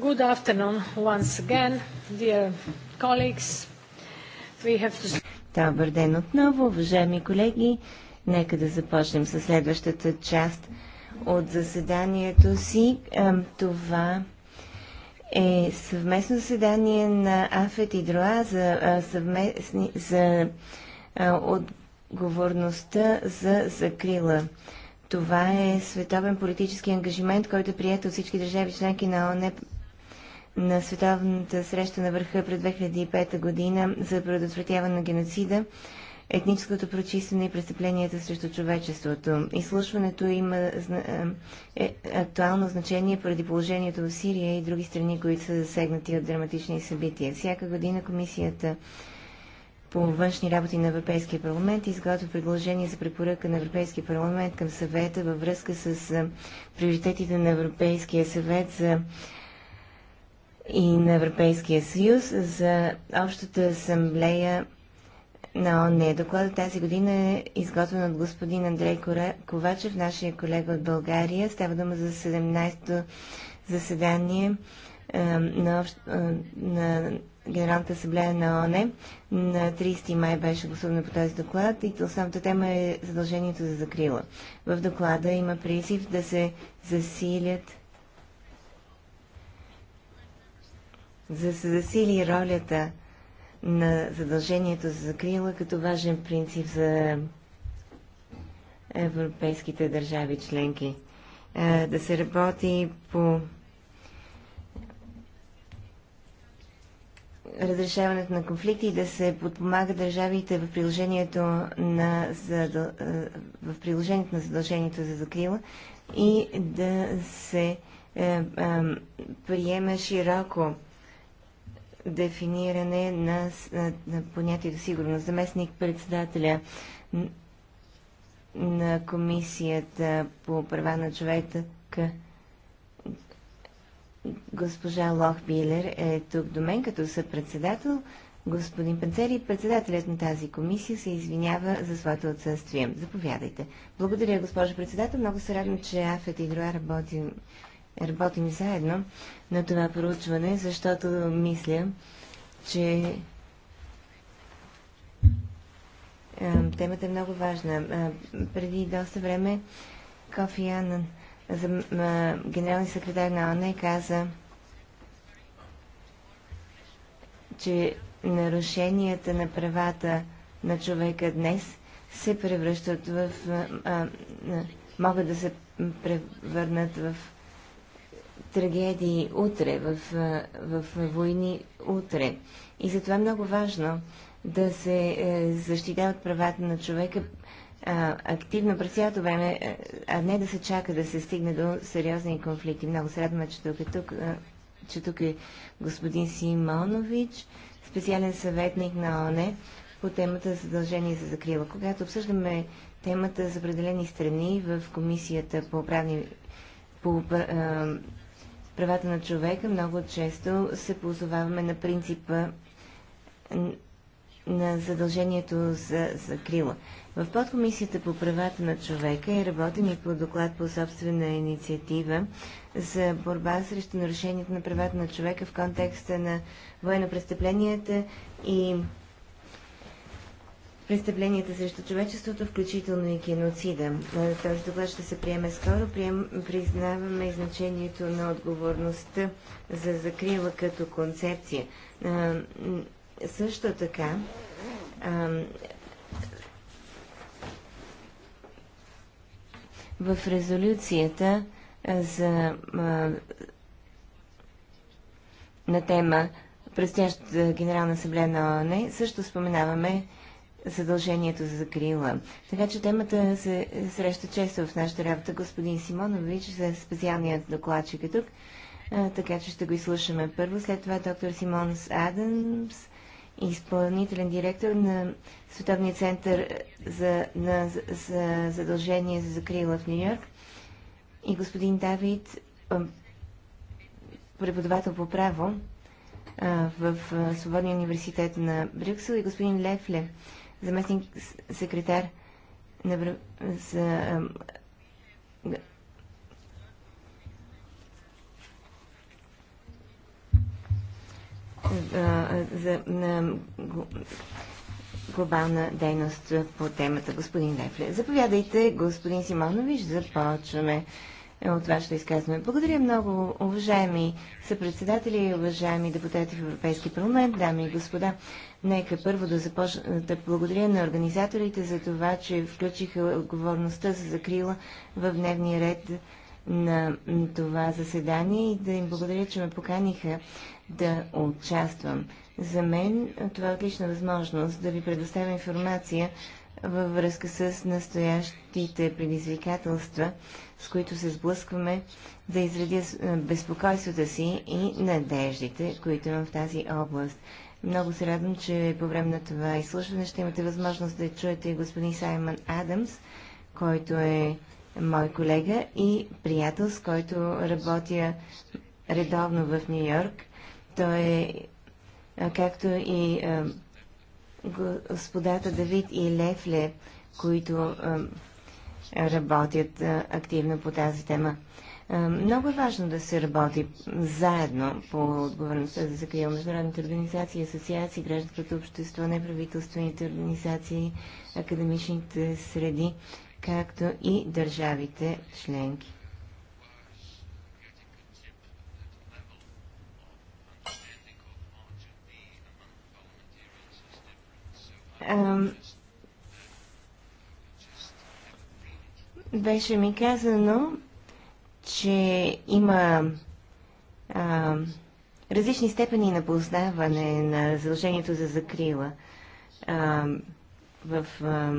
Good afternoon once again, dear colleagues. We have to... Добър ден отново, уважаеми колеги. Нека да започнем с следващата част от заседанието си. Това е съвместно заседание на АФЕТ и ДРОА за, съвместни, за отговорността за закрила. Това е световен политически ангажимент, който е прият от всички държави членки на ОНЕ на световната среща на върха през 2005 година за предотвратяване на геноцида, етническото прочистване и престъпленията срещу човечеството. Изслушването има е, е, актуално значение поради положението в Сирия и други страни, които са засегнати от драматични събития. Всяка година комисията по външни работи на Европейския парламент изготвя предложение за препоръка на Европейския парламент към съвета във връзка с приоритетите на Европейския съвет за и на Европейския съюз за Общата асамблея на ОНЕ. Докладът тази година е изготвен от господин Андрей Ковачев, нашия колега от България. Става дума за 17-то заседание на, общ... на Генералната асамблея на ОНЕ На 30 май беше гласувана по този доклад и основната тема е задължението за закрила. В доклада има призив да се засилят за да се засили ролята на задължението за закрила като важен принцип за европейските държави членки. Да се работи по разрешаването на конфликти и да се подпомага държавите в приложението на, задъл... в приложението на задължението за закрила и да се е, е, приема широко дефиниране на, на понятието сигурност. Заместник председателя на Комисията по права на човека госпожа Лох Билер е тук до мен като съпредседател. Господин Панцери, председателят на тази комисия, се извинява за своето отсъствие. Заповядайте. Благодаря, госпожо председател. Много се радвам, че АФЕТ и ДРОА работим работим заедно на това проучване, защото мисля, че темата е много важна. Преди доста време Кофи Анан, генералния секретар на ОНЕ, каза, че нарушенията на правата на човека днес се превръщат в... А, а, могат да се превърнат в трагедии утре, в, в войни утре. И затова е много важно да се е, защитават правата на човека а, активно през цялото време, е, а не да се чака да се стигне до сериозни конфликти. Много се радваме, че тук е, тук, че тук е господин Симонович, специален съветник на ОНЕ по темата задължение за закрила. Когато обсъждаме темата за определени страни в Комисията по правни по, а, правата на човека много често се позоваваме на принципа на задължението за закрила. В подкомисията по правата на човека е работен и по доклад по собствена инициатива за борба срещу нарушението на правата на човека в контекста на военно престъпленията и престъпленията срещу човечеството, включително и геноцида. Е, този доклад ще се приеме скоро. Прием, признаваме значението на отговорността за закрила като концепция. А, е, също така, а, е, в резолюцията за, а, на тема предстоящата Генерална асамблея на ООН също споменаваме задължението за закрила. Така че темата се среща често в нашата работа. Господин Симонович за специалният докладчик е тук, така че ще го изслушаме първо. След това доктор Симонс Адамс, изпълнителен директор на Световния център за, на, за задължение за закрила в Нью-Йорк и господин Давид, преподавател по право в Свободния университет на Брюксел и господин Лефле, заместник секретар на, за, за на глобална дейност по темата. Господин Лефле, заповядайте, господин Симонович, започваме от вашето изказване. Благодаря много, уважаеми съпредседатели и уважаеми депутати в Европейски парламент, дами и господа. Нека първо да започна да благодаря на организаторите за това, че включиха отговорността за закрила в дневния ред на това заседание и да им благодаря, че ме поканиха да участвам. За мен това е отлична възможност да ви предоставя информация във връзка с настоящите предизвикателства, с които се сблъскваме, да изредя безпокойствата си и надеждите, които имам в тази област. Много се радвам, че по време на това изслушване ще имате възможност да чуете и господин Саймън Адамс, който е мой колега и приятел, с който работя редовно в Нью Йорк. Той е, както и господата Давид и Лефле, които работят активно по тази тема. Много е важно да се работи заедно по отговорността за закрила международните организации, асоциации, гражданското общество, неправителствените организации, академичните среди, както и държавите членки. Беше ми казано, че има а, различни степени на познаване на задължението за закрила. А, в, а,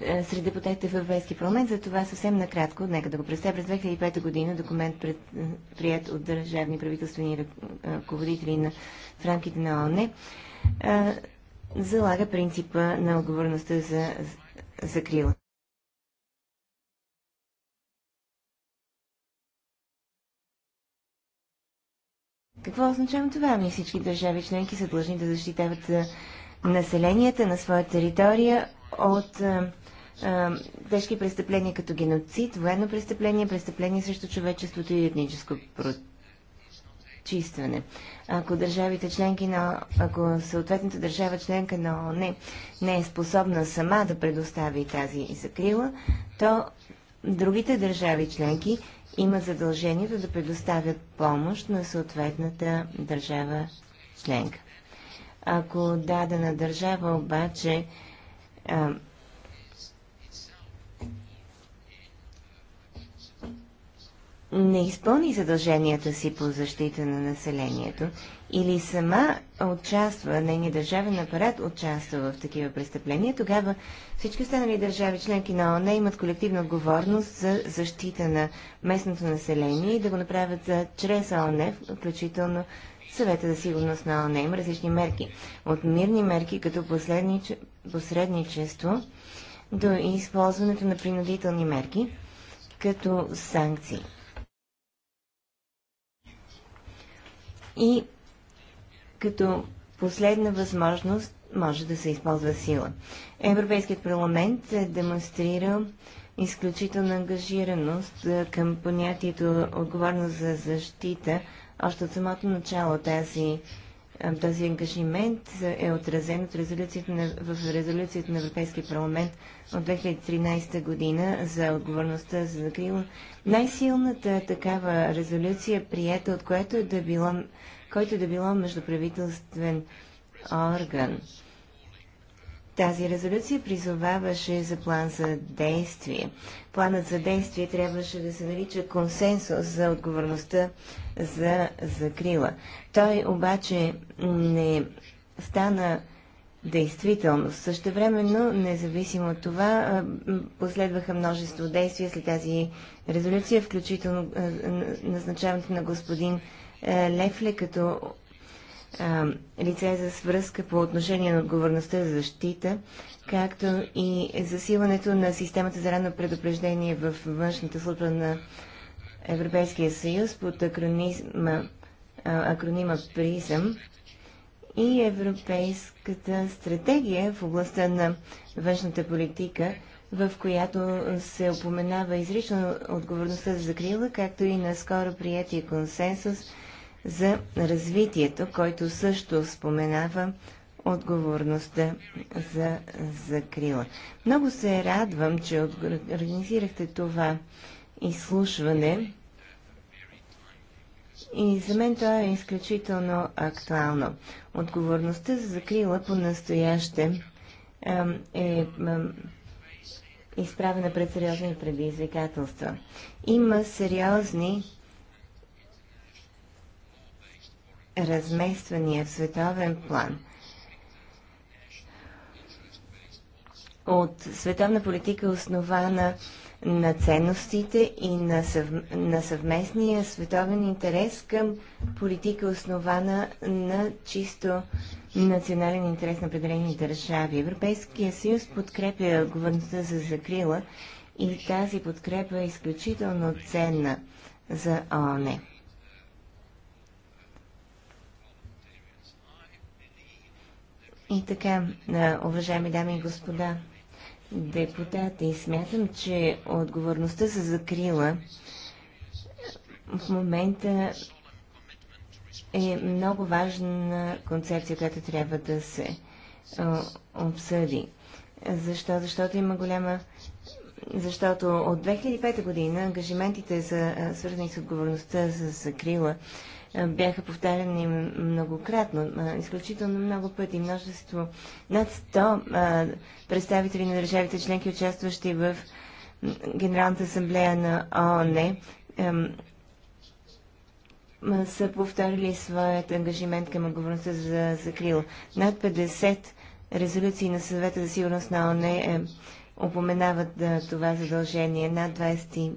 е, сред депутатите в Европейски парламент. За това съвсем накратко, нека да го представя. През 2005 година документ пред, прият от държавни правителствени ръководители на, в рамките на ООН е, залага принципа на отговорността за закрила. Какво означава това? Ами всички държави членки са длъжни да защитават населенията на своя територия от тежки престъпления като геноцид, военно престъпление, престъпление срещу човечеството и етническо прочистване. Ако държавите членки на, ако съответната държава членка на ООН не е способна сама да предостави тази закрила, то другите държави членки има задължението да предоставят помощ на съответната държава членка. Ако дадена държава обаче а, не изпълни задълженията си по защита на населението или сама участва, нейният държавен апарат участва в такива престъпления, тогава всички останали държави, членки на ООН, имат колективна отговорност за защита на местното население и да го направят чрез ОНЕ, включително съвета за сигурност на ООН. Има различни мерки. От мирни мерки, като посредничество, до използването на принудителни мерки, като санкции. И като последна възможност може да се използва сила. Европейският парламент е демонстрирал изключителна ангажираност към понятието отговорност за защита. Още от самото начало тази, този ангажимент е отразен от резолюцията на, в резолюцията на Европейския парламент от 2013 година за отговорността за закрила. Най-силната такава резолюция, прията от което е да било който да било междуправителствен орган. Тази резолюция призоваваше за план за действие. Планът за действие трябваше да се нарича консенсус за отговорността за закрила. Той обаче не стана действителност. Същевременно, независимо от това, последваха множество действия след тази резолюция, включително назначаването на господин е, Лефле като лице за свръзка по отношение на отговорността за защита, както и засилването на системата за ранно предупреждение в външната служба на Европейския съюз под акронизма, акронима призъм и Европейската стратегия в областта на външната политика, в която се опоменава изрично отговорността за закрила, както и на скоро приятия консенсус – за развитието, който също споменава отговорността за закрила. Много се радвам, че организирахте това изслушване и за мен то е изключително актуално. Отговорността за закрила по-настояще е изправена пред сериозни предизвикателства. Има сериозни размествания в световен план от световна политика основана на ценностите и на, съв... на съвместния световен интерес към политика основана на чисто национален интерес на определени държави. Европейския съюз подкрепя отговорността за закрила и тази подкрепа е изключително ценна за ОНЕ. И така, уважаеми дами и господа депутати, смятам, че отговорността за закрила в момента е много важна концепция, която трябва да се обсъди. Защо? Защото има голяма защото от 2005 година ангажиментите, за, свързани с отговорността за закрила, бяха повтаряни многократно, изключително много пъти, множество, над 100 представители на държавите членки, участващи в Генералната асамблея на ООН, са повторили своят ангажимент към отговорността за закрил. Над 50 резолюции на съвета за сигурност на ООН е, упоменават да, това задължение. Над 25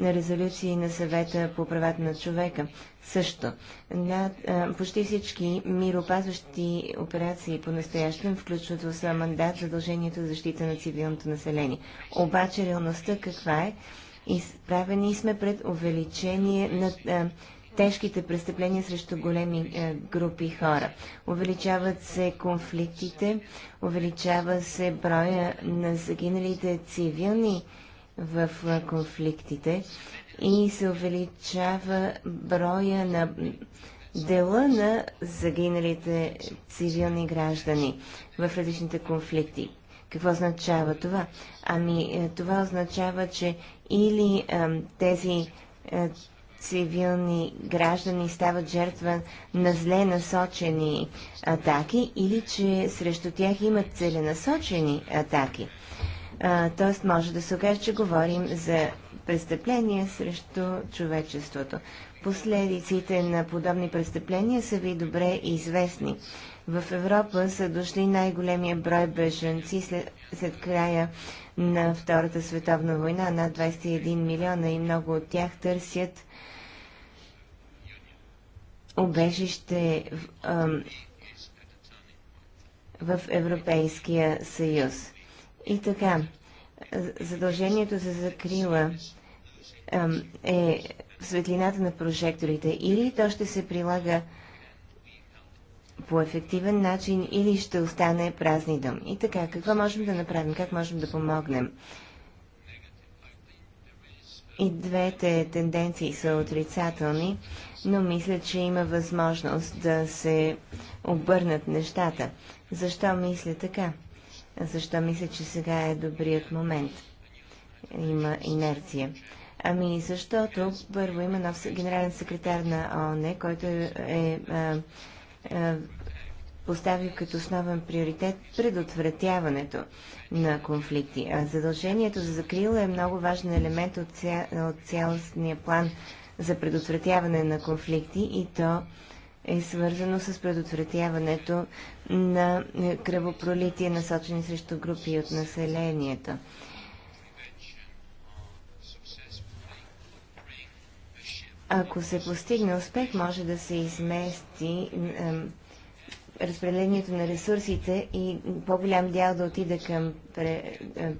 резолюции на съвета по правата на човека. Също, над, а, почти всички миропазващи операции по-настоящем включват в своя мандат задължението за защита на цивилното население. Обаче реалността каква е? Изправени сме пред увеличение на а, тежките престъпления срещу големи а, групи хора. Увеличават се конфликтите, увеличава се броя на загиналите цивилни в конфликтите и се увеличава броя на дела на загиналите цивилни граждани в различните конфликти. Какво означава това? Ами, е, това означава, че или ам, е, тези а, е, цивилни граждани стават жертва на зле насочени атаки, или че срещу тях имат целенасочени атаки. Тоест може да се окаже, че говорим за престъпления срещу човечеството. Последиците на подобни престъпления са ви добре известни. В Европа са дошли най-големия брой бежанци след, след края на Втората световна война, над 21 милиона и много от тях търсят убежище в, в Европейския съюз. И така, задължението за закрила е в светлината на прожекторите. Или то ще се прилага по ефективен начин, или ще остане празни дом. И така, какво можем да направим? Как можем да помогнем? И двете тенденции са отрицателни, но мисля, че има възможност да се обърнат нещата. Защо мисля така? Защо мисля, че сега е добрият момент? Има инерция. Ами защото първо има нов генерален секретар на ООН, който е, е, е поставил като основен приоритет предотвратяването на конфликти. А задължението за закрила е много важен елемент от, ця, от цялостния план за предотвратяване на конфликти и то е свързано с предотвратяването на кръвопролитие, насочени срещу групи от населението. Ако се постигне успех, може да се измести е, разпределението на ресурсите и по-голям дял да отида към пре, е,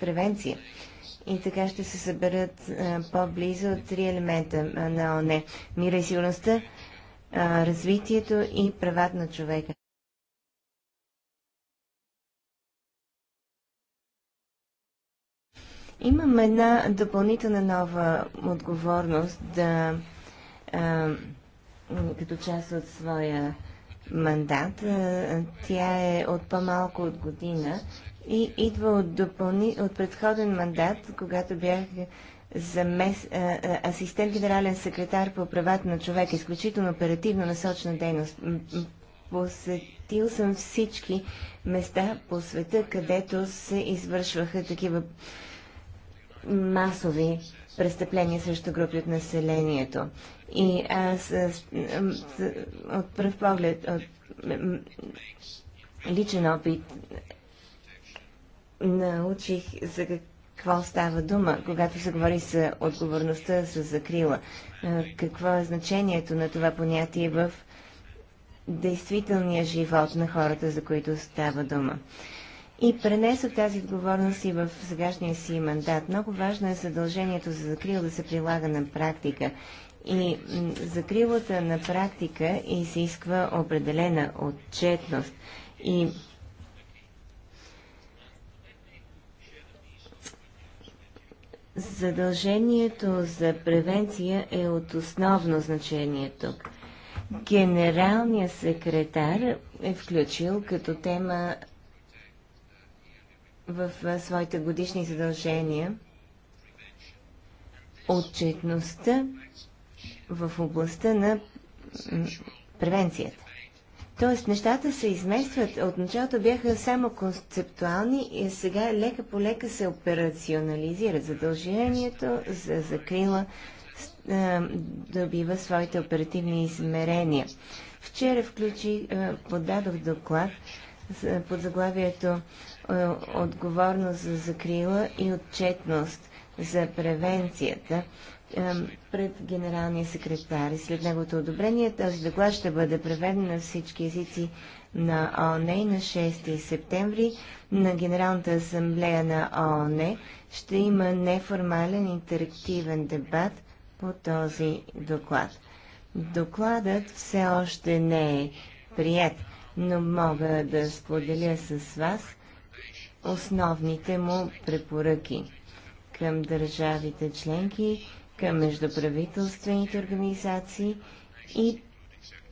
превенция и така ще се съберат по-близо от три елемента на ОНЕ. Мира и сигурността, а, развитието и правата на човека. Имам една допълнителна нова отговорност да а, като част от своя мандат. Тя е от по-малко от година и идва от, допълни, от предходен мандат, когато бях е, замес, а, е, е, асистент генерален секретар по правата на човека, изключително оперативно насочна дейност. Посетил съм всички места по света, където се извършваха такива масови престъпления срещу групи от населението. И аз от пръв поглед, от личен опит, научих за какво става дума, когато се говори за отговорността за закрила. Е, какво е значението на това понятие в действителния живот на хората, за които става дума. И пренесох тази отговорност и в сегашния си мандат. Много важно е задължението за закрила да се прилага на практика. И закрилата на практика изисква определена отчетност. И Задължението за превенция е от основно значение тук. Генералният секретар е включил като тема в своите годишни задължения отчетността в областта на превенцията. Тоест, нещата се изместват. От началото бяха само концептуални и сега лека по лека се операционализират. Задължението за закрила добива своите оперативни измерения. Вчера включи, подадох доклад под заглавието Отговорност за закрила и отчетност за превенцията пред генералния секретар и след неговото одобрение този доклад ще бъде преведен на всички езици на ООН на 6 септември на Генералната асамблея на ООН ще има неформален интерактивен дебат по този доклад. Докладът все още не е прият, но мога да споделя с вас основните му препоръки към държавите членки, към междуправителствените организации и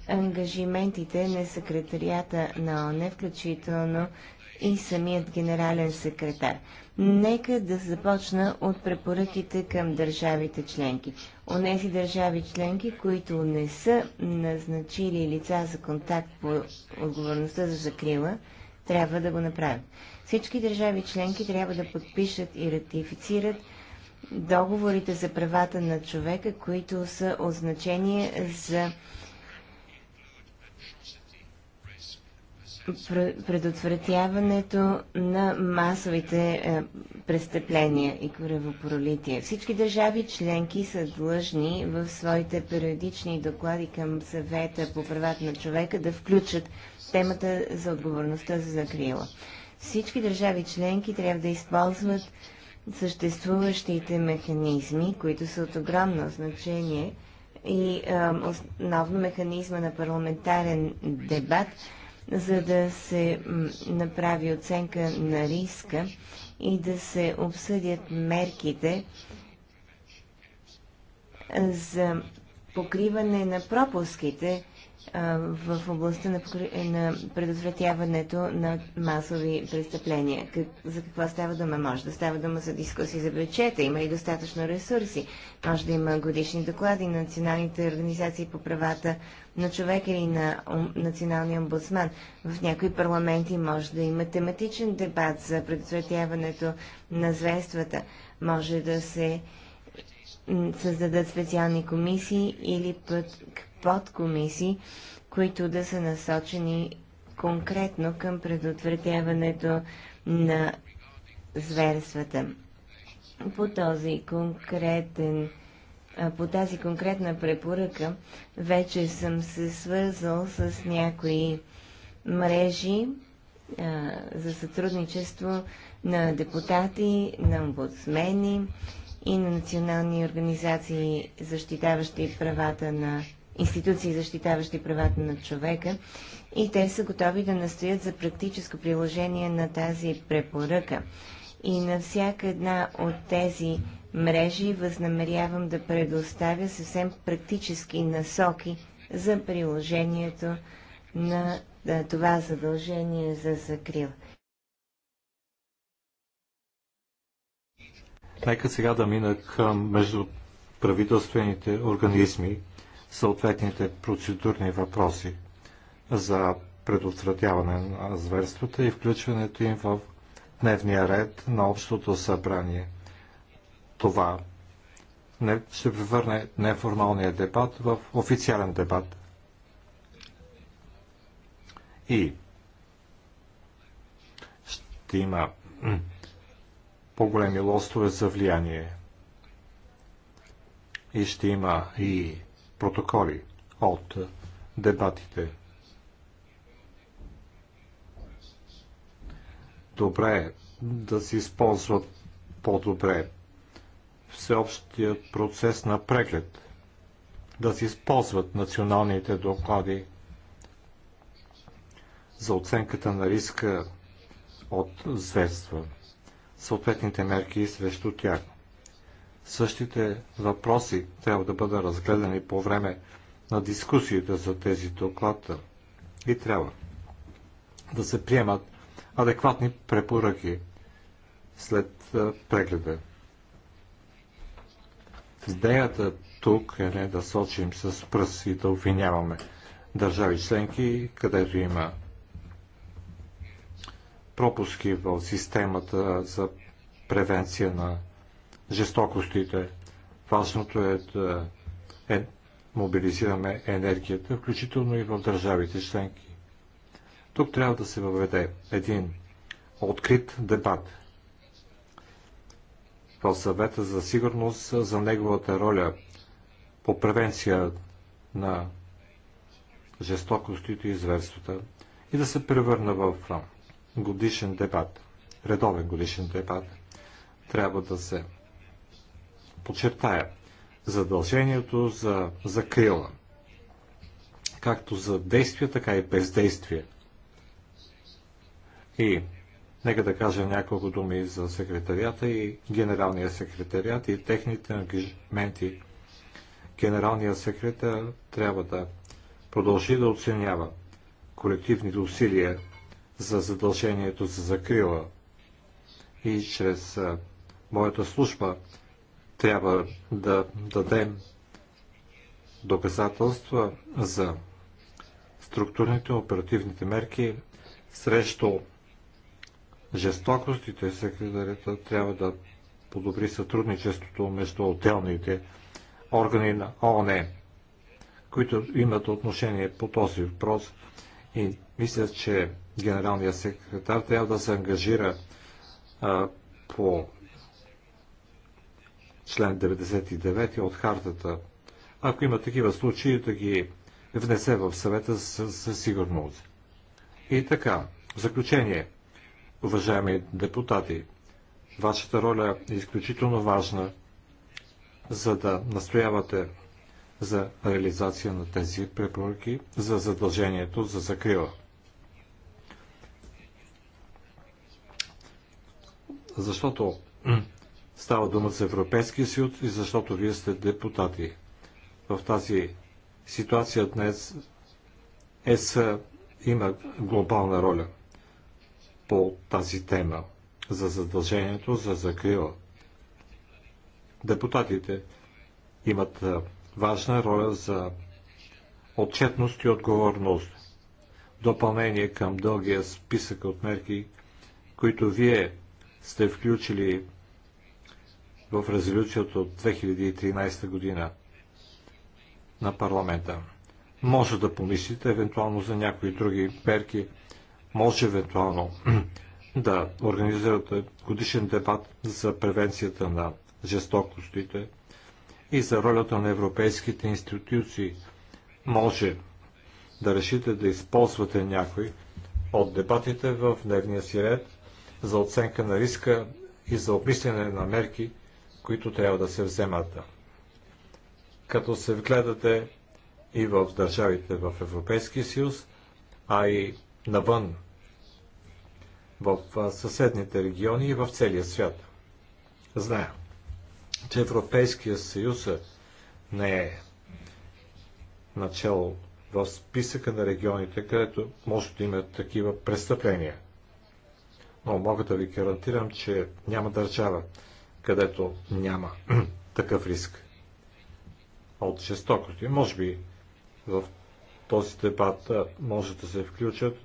ангажиментите на секретарията на ОНЕ, включително и самият генерален секретар. Нека да започна от препоръките към държавите членки. Онези държави членки, които не са назначили лица за контакт по отговорността за закрила, трябва да го направят. Всички държави членки трябва да подпишат и ратифицират договорите за правата на човека, които са от за предотвратяването на масовите е, престъпления и кръвопролитие. Всички държави членки са длъжни в своите периодични доклади към съвета по правата на човека да включат Темата за отговорността за закрила. Всички държави членки трябва да използват съществуващите механизми, които са от огромно значение и а, основно механизма на парламентарен дебат, за да се направи оценка на риска и да се обсъдят мерките за покриване на пропуските в областта на, на предотвратяването на масови престъпления. Как, за какво става дума? Може да става дума за дискусии за бюджета, има и достатъчно ресурси, може да има годишни доклади на националните организации по правата на човека или на националния омбудсман. В някои парламенти може да има тематичен дебат за предотвратяването на зверствата. Може да се създадат специални комисии или пък подкомисии, които да са насочени конкретно към предотвратяването на зверствата. По, този конкретен, по тази конкретна препоръка вече съм се свързал с някои мрежи а, за сътрудничество на депутати, на омбудсмени и на национални организации, защитаващи правата на институции, защитаващи правата на човека, и те са готови да настоят за практическо приложение на тази препоръка. И на всяка една от тези мрежи възнамерявам да предоставя съвсем практически насоки за приложението на това задължение за закрила. Нека сега да мина към между правителствените организми, съответните процедурни въпроси за предотвратяване на зверствата и включването им в дневния ред на общото събрание. Това не, ще превърне неформалния дебат в официален дебат. И ще има по-големи лостове за влияние. И ще има и протоколи от дебатите. Добре е да се използват по-добре всеобщият процес на преглед, да се използват националните доклади за оценката на риска от зверства, съответните мерки срещу тях – Същите въпроси трябва да бъдат разгледани по време на дискусията за тези доклада и трябва да се приемат адекватни препоръки след прегледа. Идеята тук е не да сочим с пръст и да обвиняваме държави членки, където има пропуски в системата за превенция на жестокостите. Важното е да е, мобилизираме енергията, включително и в държавите членки. Тук трябва да се въведе един открит дебат в съвета за сигурност за неговата роля по превенция на жестокостите и зверствата и да се превърна в годишен дебат, редовен годишен дебат. Трябва да се подчертая задължението за закрила, както за действие, така и бездействие. И нека да кажа няколко думи за секретарията и генералния секретарият и техните ангажименти. Генералният секретар трябва да продължи да оценява колективните усилия за задължението за закрила и чрез моята служба трябва да дадем доказателства за структурните оперативните мерки срещу жестокостите. Секретарята трябва да подобри сътрудничеството между отделните органи на ООН, които имат отношение по този въпрос и мисля, че генералният секретар трябва да се ангажира а, по член 99 от хартата. Ако има такива случаи, да ги внесе в съвета със сигурност. И така, в заключение, уважаеми депутати, вашата роля е изключително важна, за да настоявате за реализация на тези препоръки за задължението за закрила. Защото Става дума за Европейския съюз и защото вие сте депутати. В тази ситуация днес ЕС има глобална роля по тази тема за задължението за закрила. Депутатите имат важна роля за отчетност и отговорност. Допълнение към дългия списък от мерки, които вие сте включили в резолюцията от 2013 година на парламента. Може да помислите евентуално за някои други перки. Може евентуално да организирате годишен дебат за превенцията на жестокостите и за ролята на европейските институции. Може да решите да използвате някой от дебатите в дневния си ред за оценка на риска и за обмислене на мерки – които трябва да се вземат. Като се вгледате и в държавите в Европейския съюз, а и навън, в съседните региони и в целия свят. Знаем, че Европейския съюз не е начало в списъка на регионите, където може да има такива престъпления. Но мога да ви гарантирам, че няма държава където няма такъв риск от жестокости. Може би в този дебат може да се включат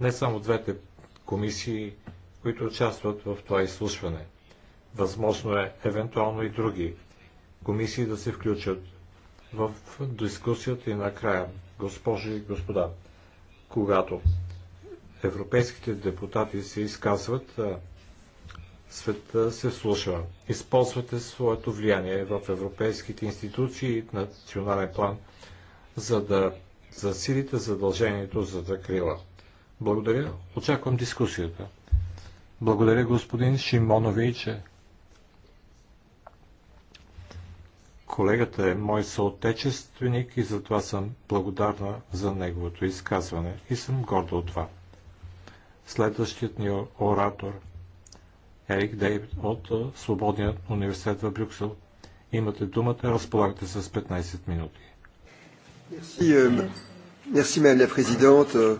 не само двете комисии, които участват в това изслушване. Възможно е евентуално и други комисии да се включат в дискусията и накрая, госпожи и господа, когато европейските депутати се изказват, света се слуша. Използвате своето влияние в европейските институции и национален план, за да засилите задължението за закрила. Благодаря. Очаквам дискусията. Благодаря, господин Шимоновиче. Колегата е мой съотечественик и затова съм благодарна за неговото изказване и съм горда от това. Следващият ни оратор – Ерик Дейвид от Свободния университет в Брюксел. Имате думата, разполагате с 15 минути. Euh,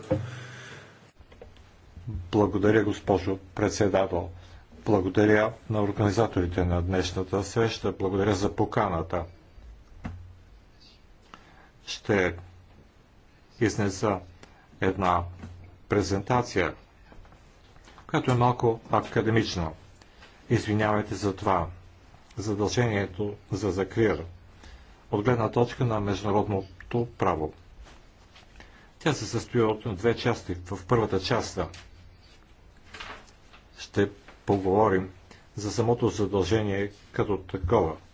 Благодаря, госпожо председател. Благодаря на организаторите на днешната среща. Благодаря за поканата. Ще изнеса една презентация която е малко академична. Извинявайте за това. Задължението за закрир от гледна точка на международното право. Тя се състои от две части. В първата част ще поговорим за самото задължение като такова –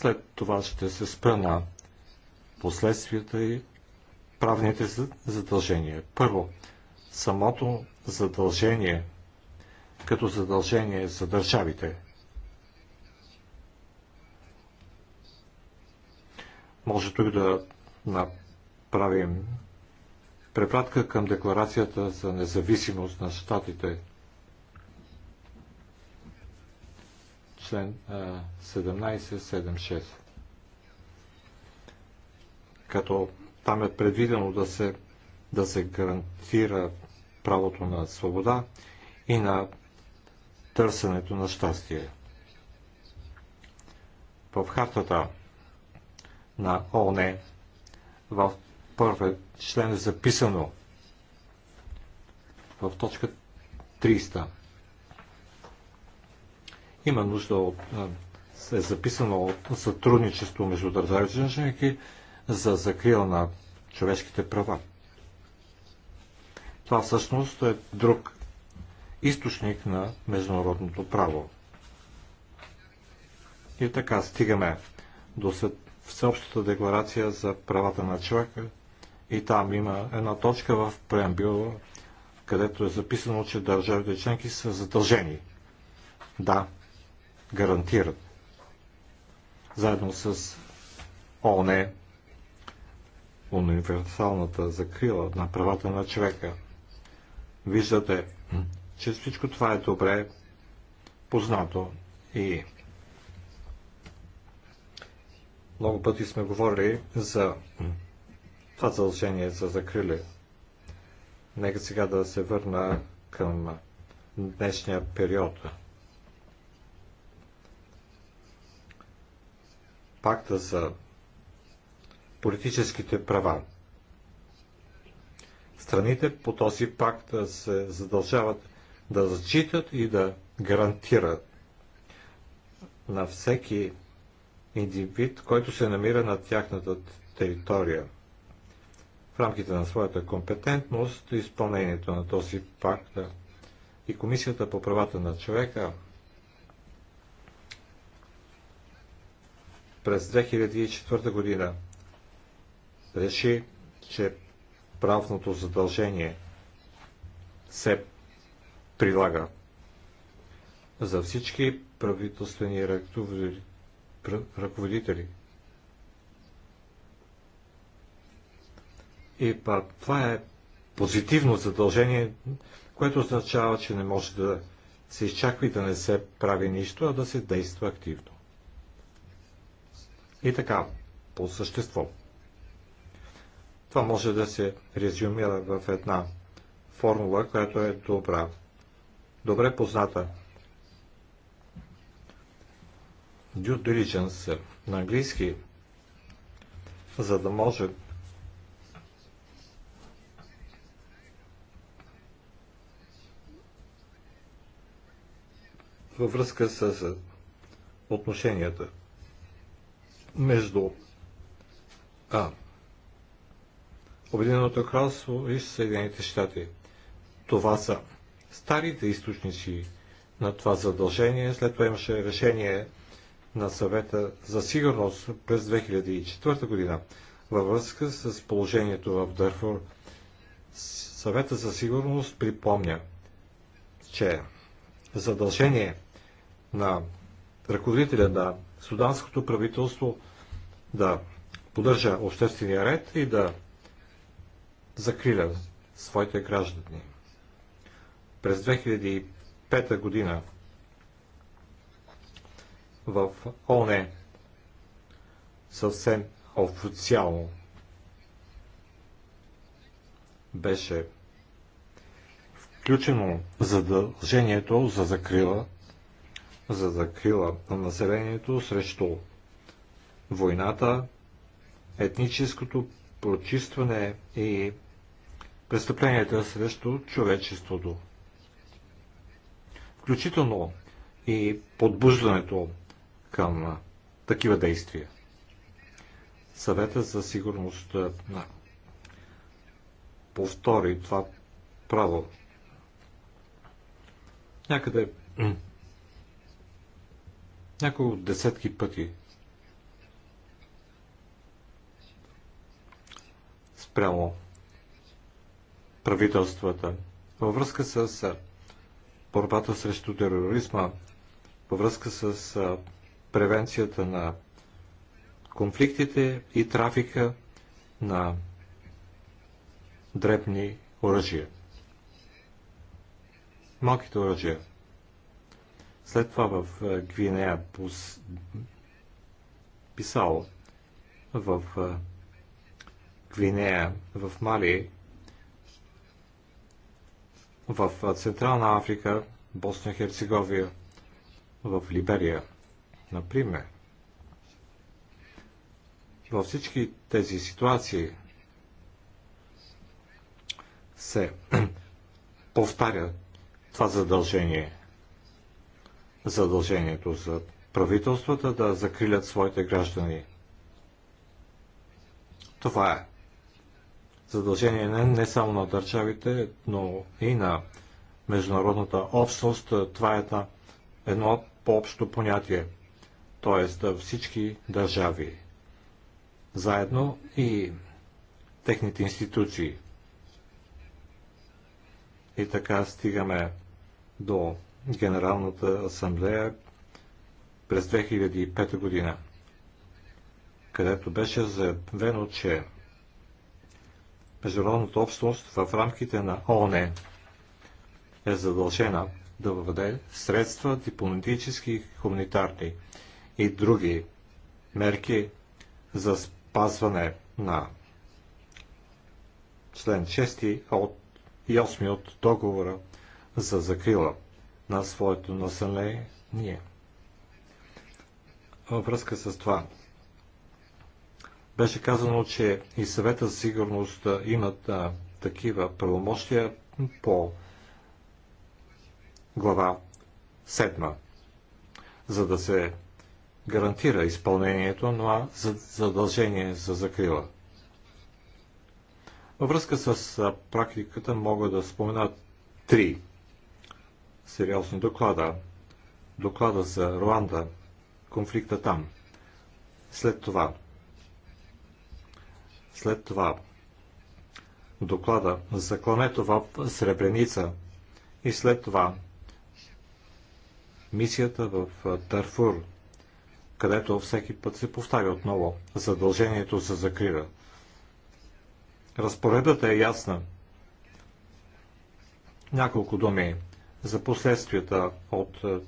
След това ще се спра на последствията и правните задължения. Първо, самото задължение като задължение за държавите. Може тук да направим препратка към Декларацията за независимост на щатите член 1776. Като там е предвидено да се, да се гарантира правото на свобода и на търсенето на щастие. В хартата на ОНЕ в първи член е записано в точка 300 има нужда от е записано от сътрудничество между държавите членки за закрила на човешките права. Това всъщност е друг източник на международното право. И така стигаме до Всеобщата декларация за правата на човека и там има една точка в преамбюла, където е записано, че държавите членки са задължени да гарантират заедно с ОНЕ универсалната закрила на правата на човека. Виждате, че всичко това е добре познато и много пъти сме говорили за това задължение за закрили. Нека сега да се върна към днешния период. пакта за политическите права. Страните по този пакт се задължават да зачитат и да гарантират на всеки индивид, който се намира на тяхната територия. В рамките на своята компетентност изпълнението на този пакт и Комисията по правата на човека през 2004 година реши, че правното задължение се прилага за всички правителствени ръководители. И па, това е позитивно задължение, което означава, че не може да се изчаква и да не се прави нищо, а да се действа активно. И така, по същество. Това може да се резюмира в една формула, която е добра, добре позната. Due diligence на английски, за да може във връзка с отношенията между а, Обединеното кралство и Съединените щати. Това са старите източници на това задължение. След това имаше решение на съвета за сигурност през 2004 година във връзка с положението в Дърфур. Съвета за сигурност припомня, че задължение на ръководителя на суданското правителство да поддържа обществения ред и да закриля своите граждани. През 2005 година в ОНЕ съвсем официално беше включено задължението за закрила за закрила на населението срещу войната, етническото прочистване и престъпленията срещу човечеството. Включително и подбуждането към такива действия. Съвета за сигурност на повтори това право. Някъде няколко десетки пъти спрямо правителствата във връзка с борбата срещу тероризма, във връзка с превенцията на конфликтите и трафика на дребни оръжия. Малките оръжия след това в е, Гвинея, писал, в е, Гвинея, в Мали, в е, Централна Африка, Босна и Херцеговия, в Либерия, например. Във всички тези ситуации се повтаря това задължение задължението за правителствата да закрилят своите граждани. Това е задължение не, не само на държавите, но и на международната общност. Това е едно по-общо понятие, т.е. всички държави заедно и техните институции. И така стигаме до Генералната асамблея през 2005 година, където беше заявено, че международната общност в рамките на ООН е задължена да въведе средства, дипломатически, хуманитарни и други мерки за спазване на член 6 от, и 8 от договора за закрила на своето ние. Във връзка с това, беше казано, че и съвета за сигурност имат а, такива правомощия по глава 7, за да се гарантира изпълнението на задължение за закрила. Във връзка с практиката мога да спомена три сериозно доклада. Доклада за Руанда, конфликта там. След това. След това. Доклада за клането в Сребреница. И след това мисията в Дарфур, където всеки път се повтаря отново задължението за закрива. Разпоредата е ясна. Няколко думи за последствията от е,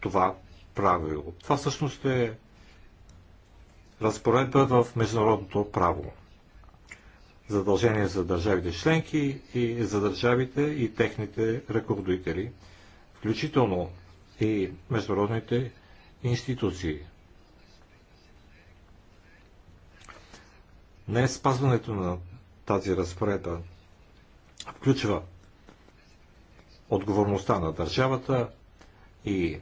това правило. Това всъщност е разпоредба в международното право. Задължение за държавите членки и за държавите и техните ръководители, включително и международните институции. Не спазването на тази разпоредба включва отговорността на държавата и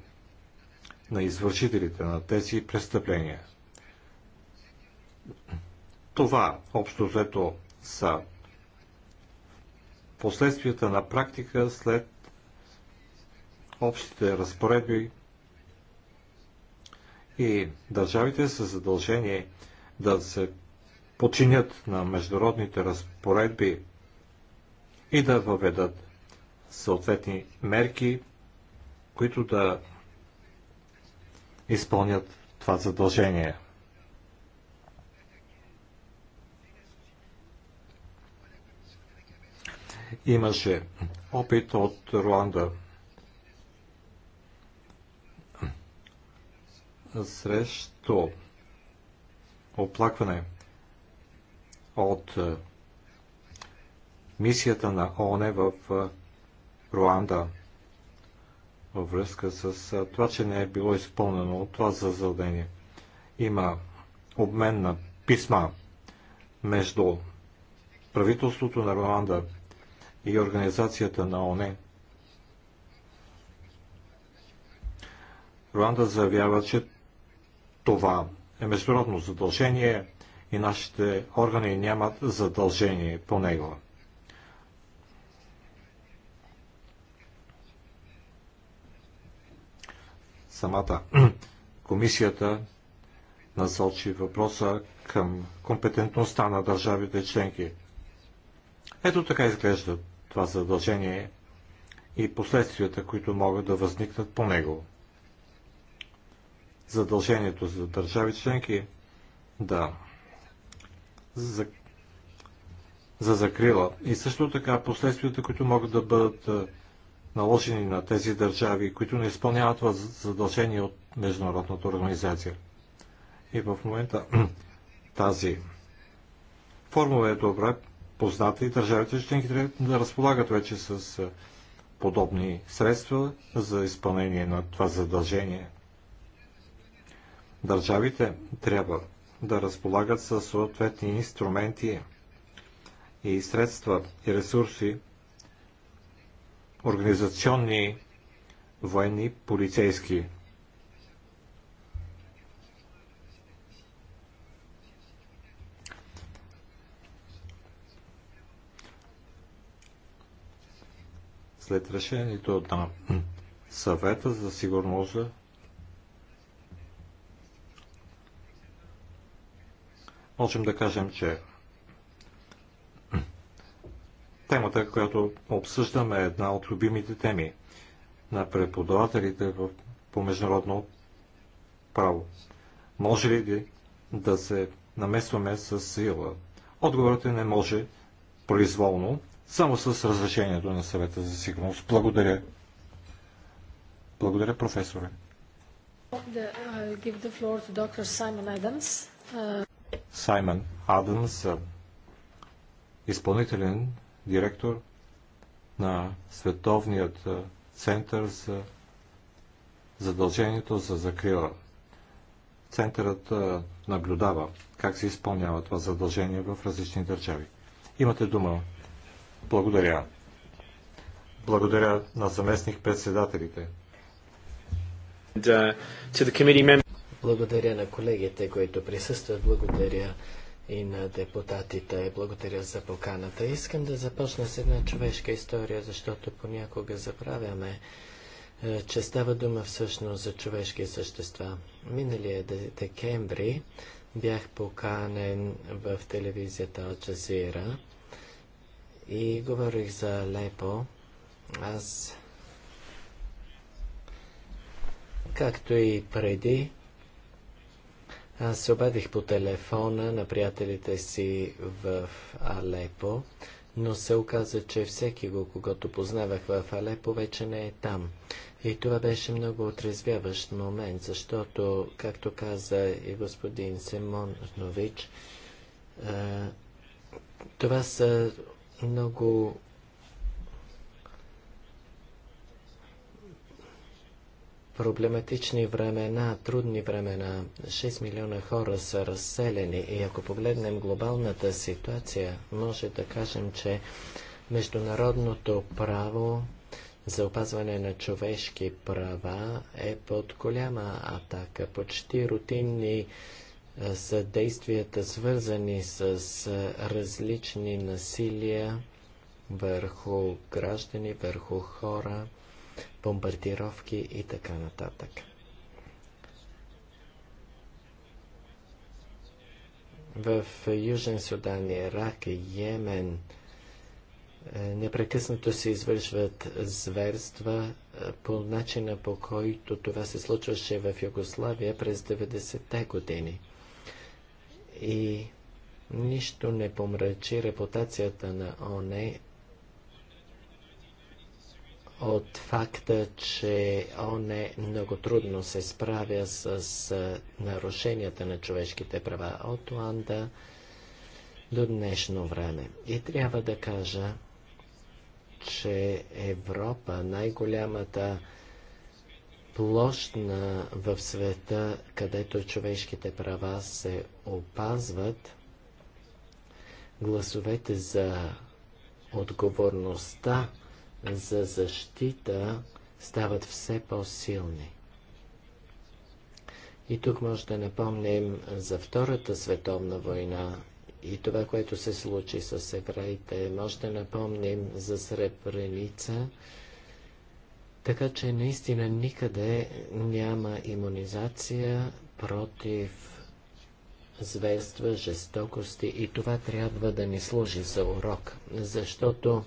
на извършителите на тези престъпления. Това общо взето са последствията на практика след общите разпоредби и държавите са задължени да се починят на международните разпоредби и да въведат съответни мерки, които да изпълнят това задължение. Имаше опит от Руанда срещу оплакване от мисията на ОНЕ в Руанда във връзка с това, че не е било изпълнено от това за задължение. Има обмен на писма между правителството на Руанда и организацията на ОНЕ. Руанда заявява, че това е международно задължение и нашите органи нямат задължение по него. самата комисията насочи въпроса към компетентността на държавите членки. Ето така изглежда това задължение и последствията, които могат да възникнат по него. Задължението за държави членки да за, за закрила и също така последствията, които могат да бъдат наложени на тези държави, които не изпълняват задължения от Международната организация. И в момента тази формула е добра, позната и държавите членки трябва да разполагат вече с подобни средства за изпълнение на това задължение. Държавите трябва да разполагат със съответни инструменти и средства и ресурси организационни, военни, полицейски. След решението на съвета за сигурност можем да кажем, че Темата, която обсъждаме, е една от любимите теми на преподавателите в, по международно право. Може ли да се намесваме с сила? Отговорът е не може произволно, само с разрешението на съвета за сигурност. Благодаря. Благодаря, професоре. Uh, uh, Саймон Адамс, е, изпълнителен директор на Световният център за задължението за закрила. Центърът наблюдава как се изпълнява това задължение в различни държави. Имате дума. Благодаря. Благодаря на заместник председателите. Благодаря на колегите, които присъстват. Благодаря и на депутатите. Благодаря за поканата. Искам да започна с една човешка история, защото понякога забравяме, е, че става дума всъщност за човешки същества. Миналия декември бях поканен в телевизията от Джазира и говорих за Лепо. Аз, както и преди, аз се обадих по телефона на приятелите си в Алепо, но се оказа, че всеки го, когато познавах в Алепо, вече не е там. И това беше много отрезвяващ момент, защото, както каза и господин Семонович, е, това са много проблематични времена, трудни времена. 6 милиона хора са разселени и ако погледнем глобалната ситуация, може да кажем, че международното право за опазване на човешки права е под голяма атака. Почти рутинни са действията, свързани с различни насилия върху граждани, върху хора – бомбардировки и така нататък. В Южен Судан, Ирак, Йемен е, непрекъснато се извършват зверства е, по начина по който това се случваше в Югославия през 90-те години. И нищо не помрачи репутацията на ОНЕ от факта, че ОНЕ много трудно се справя с нарушенията на човешките права от Уанда до днешно време. И трябва да кажа, че Европа, най-голямата площна в света, където човешките права се опазват, гласовете за отговорността за защита стават все по-силни. И тук може да напомним за Втората световна война и това, което се случи с евреите. Може да напомним за Сребреница, така че наистина никъде няма иммунизация против звездства, жестокости и това трябва да ни служи за урок, защото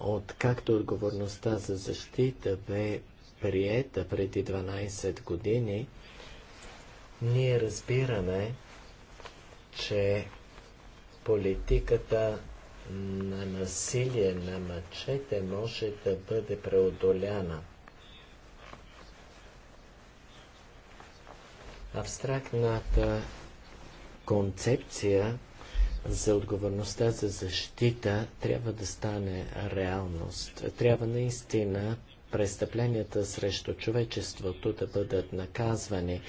Откакто отговорността за защита бе приета преди 12 години, ние разбираме, че политиката на насилие на мъжете може да бъде преодоляна. Абстрактната концепция за отговорността за защита трябва да стане реалност. Трябва наистина престъпленията срещу човечеството да бъдат наказвани.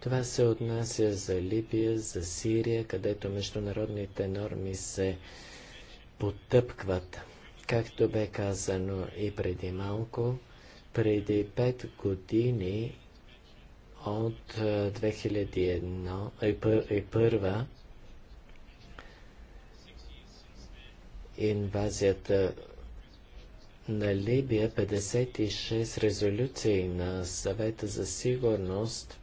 Това се отнася за Либия, за Сирия, където международните норми се потъпкват. Както бе казано и преди малко, преди пет години от 2001 е, и е, е, първа инвазията на Либия 56 резолюции на съвета за сигурност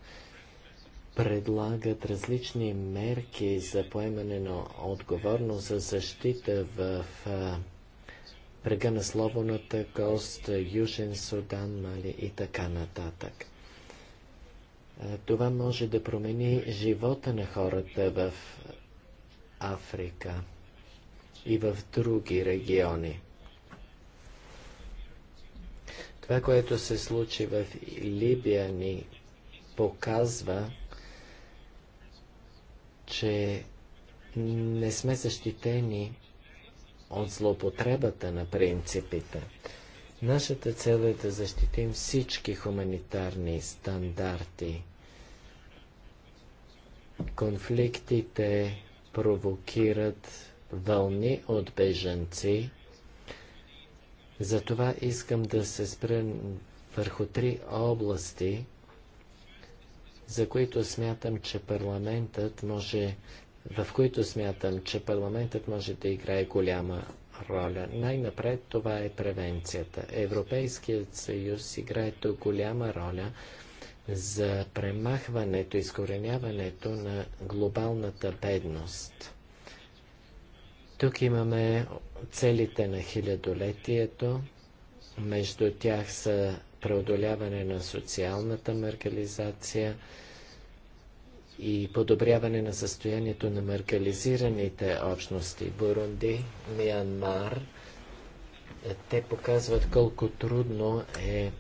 предлагат различни мерки за поемане на отговорност за защита в брега на Слободната кост, Южен Судан, Мали и така нататък. Това може да промени живота на хората в Африка и в други региони. Това, което се случи в Либия, ни показва, че не сме защитени от злоупотребата на принципите. Нашата цел е да защитим всички хуманитарни стандарти. Конфликтите провокират вълни от бежанци. Затова искам да се спра върху три области, за които смятам, че парламентът може, в които смятам, че парламентът може да играе голяма роля. Най-напред това е превенцията. Европейският съюз играе тук голяма роля за премахването, изкореняването на глобалната бедност. Тук имаме целите на хилядолетието. Между тях са преодоляване на социалната маргализация и подобряване на състоянието на маргализираните общности. Бурунди, Миянмар, те показват колко трудно е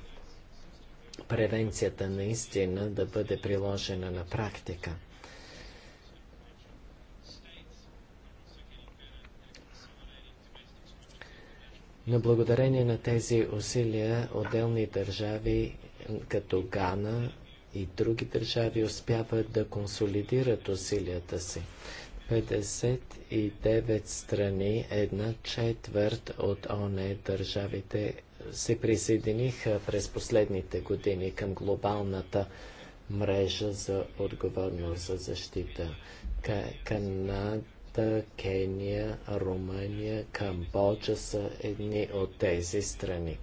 превенцията наистина да бъде приложена на практика. На благодарение на тези усилия отделни държави като Гана и други държави успяват да консолидират усилията си. 59 страни, една четвърт от ОНЕ държавите се присъединиха през последните години към глобалната мрежа за отговорност за защита. Канада Кения, Румъния, Камбоджа са едни от тези страни.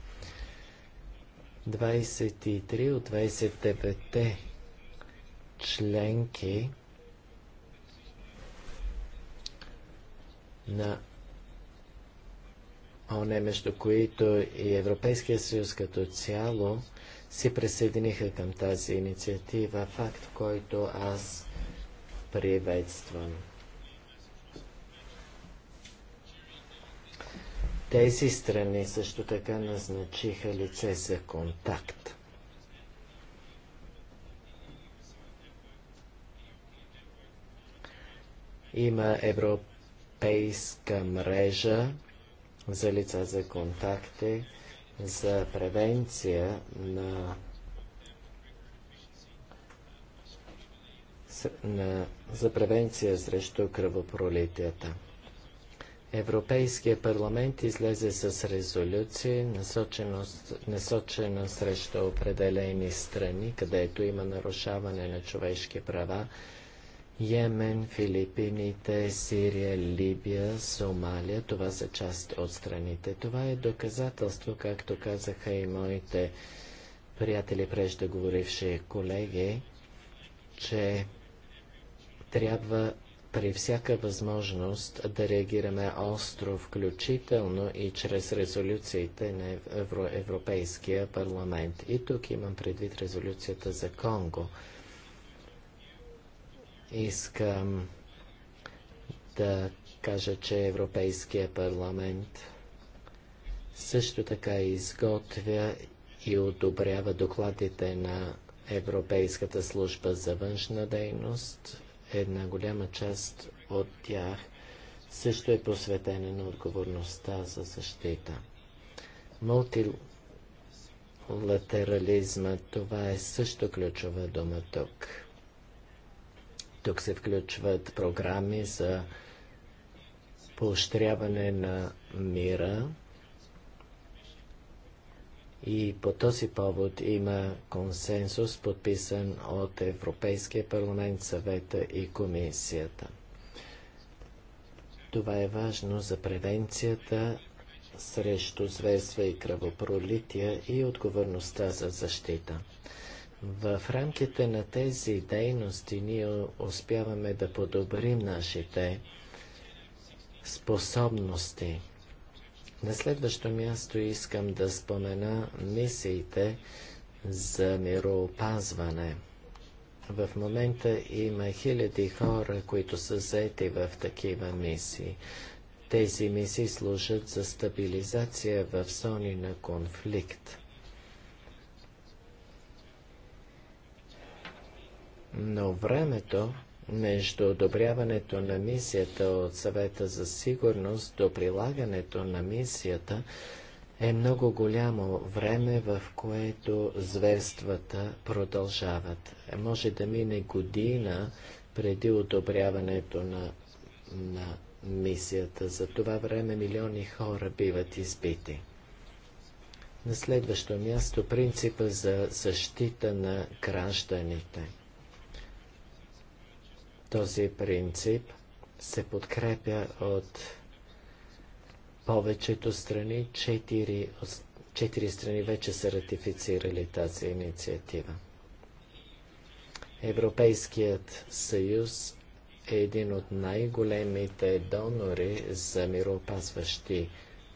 23 от 29-те членки на ОНЕ, между които и Европейския съюз като цяло, се присъединиха към тази инициатива, факт, който аз приветствам. Тези страни също така назначиха лице за контакт. Има европейска мрежа за лица за контакти, за превенция на, на за превенция срещу кръвопролитията. Европейския парламент излезе с резолюция, насочена срещу определени страни, където има нарушаване на човешки права. Йемен, Филипините, Сирия, Либия, Сомалия, това са част от страните. Това е доказателство, както казаха и моите приятели, преждеговоривши колеги, че трябва при всяка възможност да реагираме остро, включително и чрез резолюциите на Евро, Европейския парламент. И тук имам предвид резолюцията за Конго. Искам да кажа, че Европейския парламент също така изготвя и одобрява докладите на Европейската служба за външна дейност една голяма част от тях също е посветена на отговорността за защита. Мултилатерализма, това е също ключова дума тук. Тук се включват програми за поощряване на мира, и по този повод има консенсус, подписан от Европейския парламент, съвета и комисията. Това е важно за превенцията срещу зверства и кръвопролития и отговорността за защита. В рамките на тези дейности ние успяваме да подобрим нашите способности – на следващо място искам да спомена мисиите за мироопазване. В момента има хиляди хора, които са заети в такива мисии. Тези мисии служат за стабилизация в зони на конфликт. Но времето между одобряването на мисията от съвета за сигурност до прилагането на мисията е много голямо време, в което зверствата продължават. Може да мине година преди одобряването на, на мисията. За това време милиони хора биват избити. На следващо място принципа за защита на гражданите – този принцип се подкрепя от повечето страни. Четири, четири страни вече са ратифицирали тази инициатива. Европейският съюз е един от най-големите донори за мироопазващи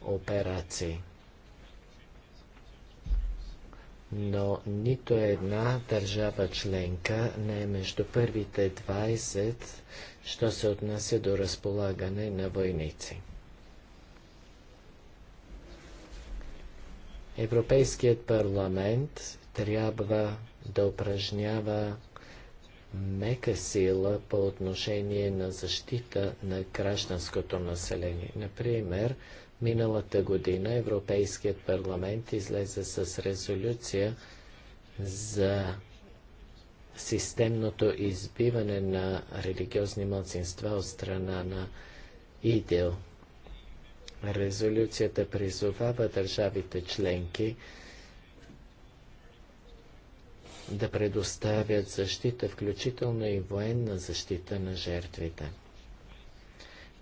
операции но нито една държава членка не е между първите 20, що се отнася до разполагане на войници. Европейският парламент трябва да упражнява мека сила по отношение на защита на гражданското население. Например, Миналата година Европейският парламент излезе с резолюция за системното избиване на религиозни младсинства от страна на ИДИЛ. Резолюцията призовава държавите членки да предоставят защита, включително и военна защита на жертвите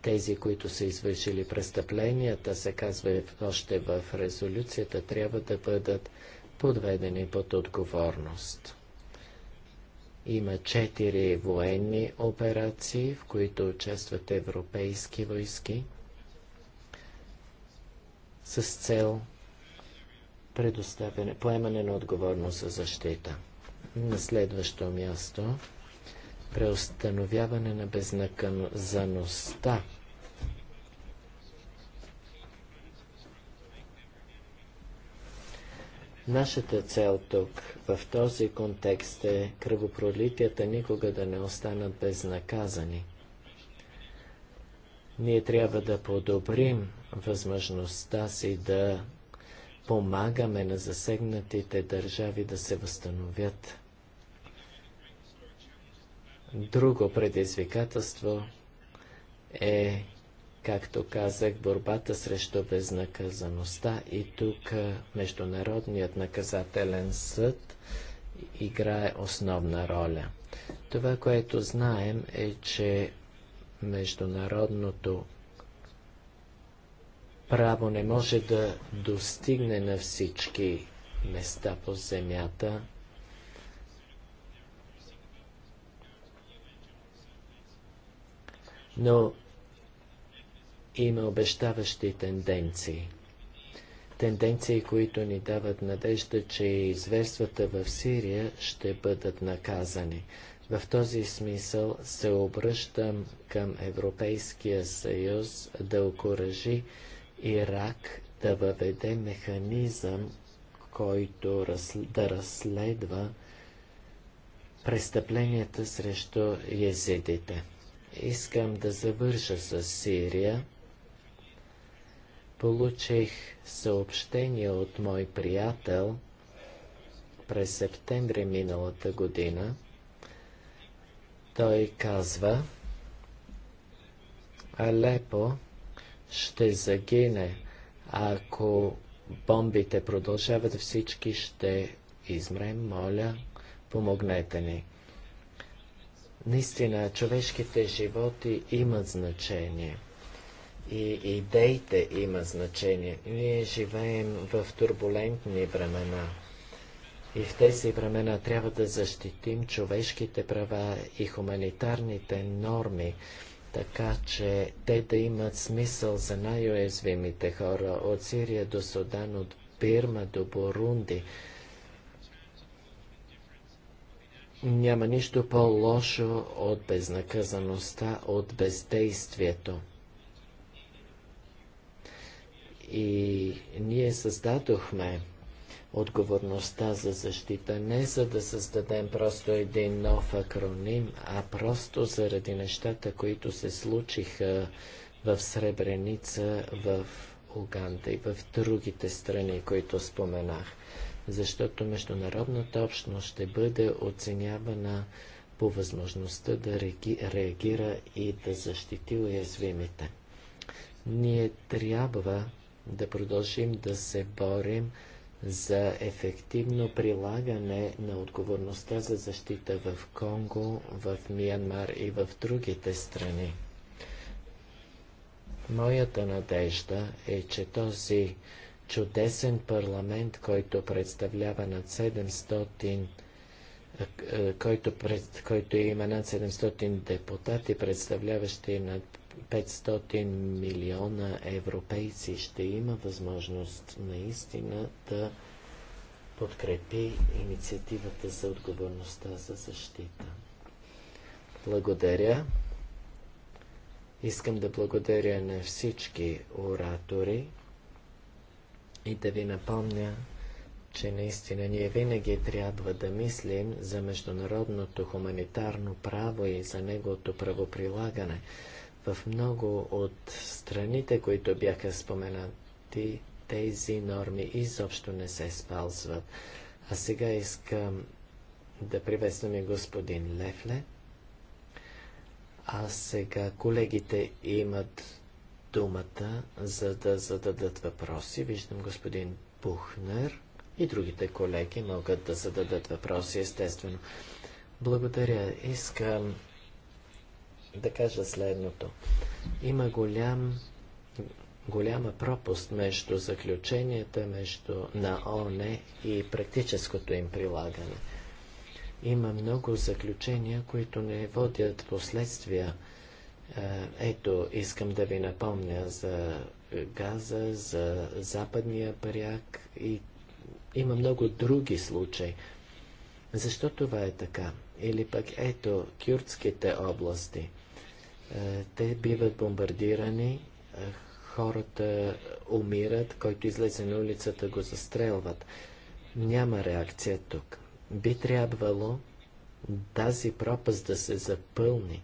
тези, които са извършили престъпленията, се казва още в резолюцията, трябва да бъдат подведени под отговорност. Има четири военни операции, в които участват европейски войски с цел предоставяне, поемане на отговорност за защита. На следващо място преустановяване на безнаказаността. Нашата цел тук, в този контекст е кръвопролитията никога да не останат безнаказани. Ние трябва да подобрим възможността си да помагаме на засегнатите държави да се възстановят. Друго предизвикателство е, както казах, борбата срещу безнаказаността и тук Международният наказателен съд играе основна роля. Това, което знаем е, че международното право не може да достигне на всички места по земята, но има обещаващи тенденции. Тенденции, които ни дават надежда, че изверствата в Сирия ще бъдат наказани. В този смисъл се обръщам към Европейския съюз да окоръжи Ирак да въведе механизъм, който раз... да разследва престъпленията срещу езидите. Искам да завърша с Сирия. Получих съобщение от мой приятел през септември миналата година. Той казва, Алепо ще загине, ако бомбите продължават, всички ще измрем, моля, помогнете ни. Наистина, човешките животи имат значение. И идеите имат значение. Ние живеем в турбулентни времена. И в тези времена трябва да защитим човешките права и хуманитарните норми, така че те да имат смисъл за най-уязвимите хора от Сирия до Судан, от Бирма до Бурунди. Няма нищо по-лошо от безнаказаността, от бездействието. И ние създадохме отговорността за защита не за да създадем просто един нов акроним, а просто заради нещата, които се случиха в Сребреница, в Уганда и в другите страни, които споменах защото международната общност ще бъде оценявана по възможността да реагира и да защити уязвимите. Ние трябва да продължим да се борим за ефективно прилагане на отговорността за защита в Конго, в Миянмар и в другите страни. Моята надежда е, че този чудесен парламент, който представлява над 700 който, пред, който има над 700 депутати, представляващи над 500 милиона европейци, ще има възможност наистина да подкрепи инициативата за отговорността за защита. Благодаря. Искам да благодаря на всички оратори и да ви напомня, че наистина ние винаги трябва да мислим за международното хуманитарно право и за неговото правоприлагане. В много от страните, които бяха споменати, тези норми изобщо не се спазват. А сега искам да приветстваме господин Лефле. А сега колегите имат думата, за да зададат въпроси. Виждам господин Бухнер и другите колеги могат да зададат въпроси, естествено. Благодаря. Искам да кажа следното. Има голям, голяма пропуст между заключенията между на ОНЕ и практическото им прилагане. Има много заключения, които не водят последствия е, ето, искам да ви напомня за газа, за западния паряк и има много други случаи. Защо това е така? Или пък ето, кюртските области. Е, те биват бомбардирани, е, хората умират, който излезе на улицата го застрелват. Няма реакция тук. Би трябвало тази пропаст да се запълни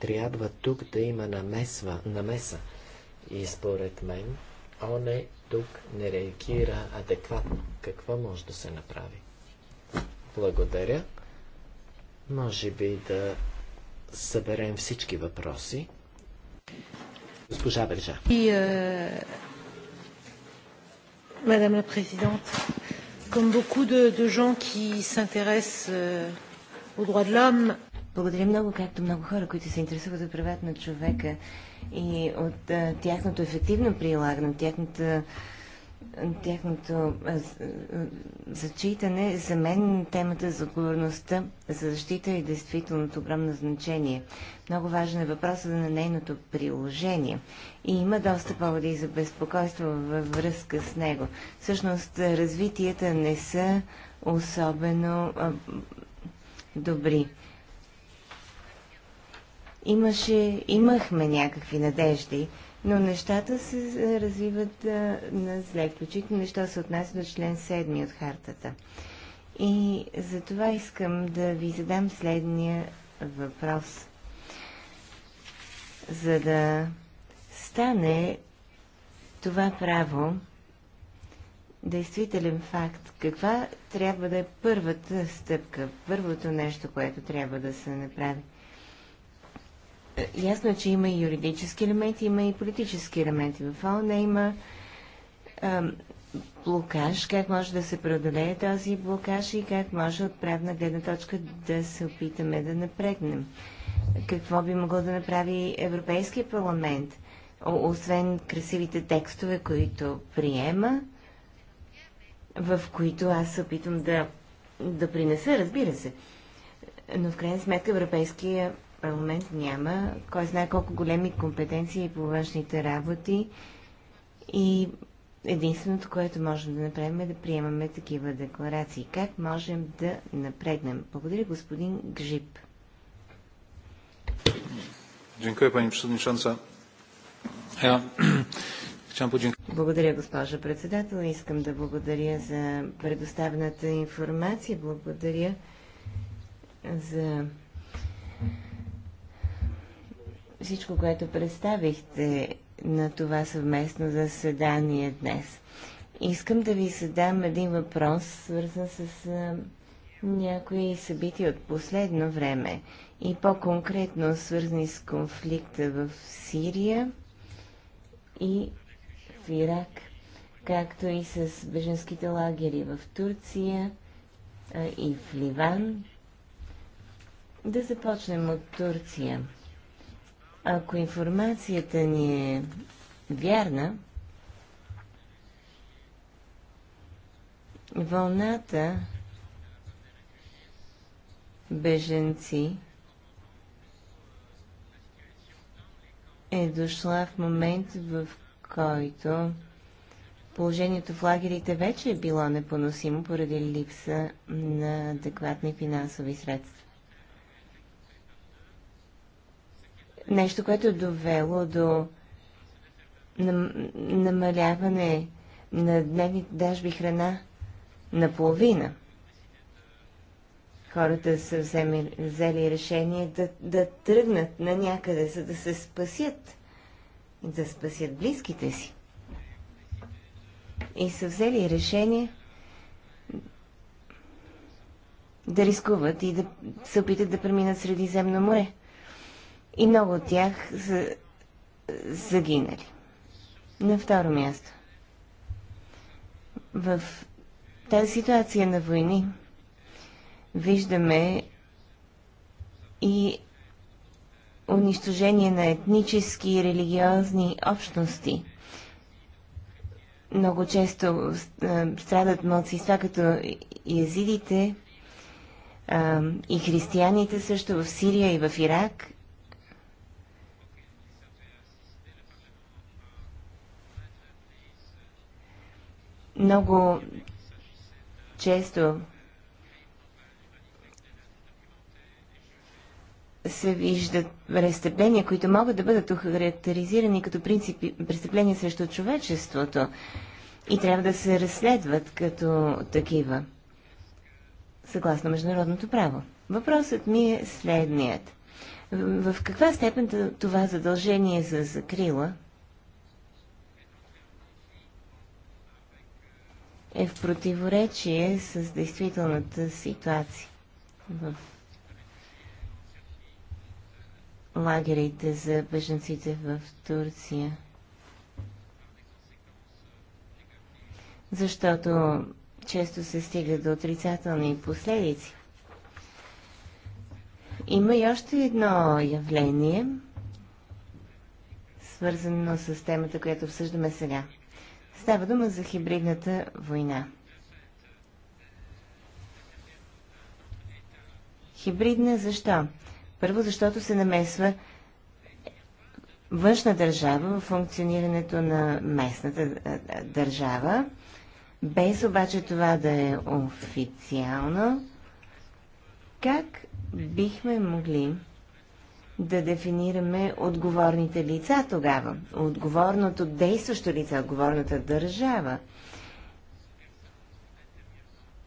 трябва тук да има намесва, намеса. И според мен, он е тук не реагира адекватно. Какво може да се направи? Благодаря. Може би да съберем всички въпроси. Госпожа Бържа. И, е, мадам Madame президент, Présidente, comme beaucoup de, de gens qui s'intéressent euh, е, aux droits de l'homme, благодаря много, както много хора, които се интересуват от правата на човека и от а, тяхното ефективно прилагане, тяхната тяхното зачитане, за мен темата за отговорността за защита е действително от огромно значение. Много важен е въпросът на нейното приложение. И има доста поводи за безпокойство във връзка с него. Всъщност, развитията не са особено а, добри. Имаше, имахме някакви надежди, но нещата се развиват а, на зле, включително неща се отнася до член 7 от хартата. И за това искам да ви задам следния въпрос. За да стане това право действителен факт, каква трябва да е първата стъпка, първото нещо, което трябва да се направи? Е, ясно е, че има и юридически елементи, има и политически елементи. В ООН има а, блокаж, как може да се преодолее този блокаж и как може от правна гледна точка да се опитаме да напрегнем. Какво би могло да направи Европейския парламент, освен красивите текстове, които приема, в които аз се опитвам да, да принеса, разбира се. Но в крайна сметка Европейския парламент няма кой знае колко големи компетенции по външните работи и единственото, което можем да направим е да приемаме такива декларации. Как можем да напрегнем? Благодаря, господин Гжип. Dziękuję пани Przewodnicząca. Благодаря, госпожа председател. Искам да благодаря за предоставената информация. Благодаря за всичко, което представихте на това съвместно заседание днес. Искам да ви задам един въпрос, свързан с а, някои събития от последно време и по-конкретно свързани с конфликта в Сирия и в Ирак, както и с беженските лагери в Турция а, и в Ливан. Да започнем от Турция. Ако информацията ни е вярна, вълната беженци е дошла в момент, в който положението в лагерите вече е било непоносимо поради липса на адекватни финансови средства. Нещо, което е довело до намаляване на дневните дажби храна наполовина. Хората са вземи, взели решение да, да тръгнат на някъде, за да се спасят, да спасят близките си. И са взели решение да рискуват и да се опитат да преминат Средиземно море и много от тях са загинали. На второ място. В тази ситуация на войни виждаме и унищожение на етнически и религиозни общности. Много често страдат младсинства като езидите и християните също в Сирия и в Ирак Много често се виждат престъпления, които могат да бъдат охарактеризирани като принципи престъпления срещу човечеството и трябва да се разследват като такива, съгласно международното право. Въпросът ми е следният. В каква степен това задължение за закрила – е в противоречие с действителната ситуация в лагерите за беженците в Турция. Защото често се стига до отрицателни последици. Има и още едно явление, свързано с темата, която обсъждаме сега – Става дума за хибридната война. Хибридна защо? Първо, защото се намесва външна държава в функционирането на местната държава, без обаче това да е официално. Как бихме могли да дефинираме отговорните лица тогава. Отговорното действащо лице, отговорната държава.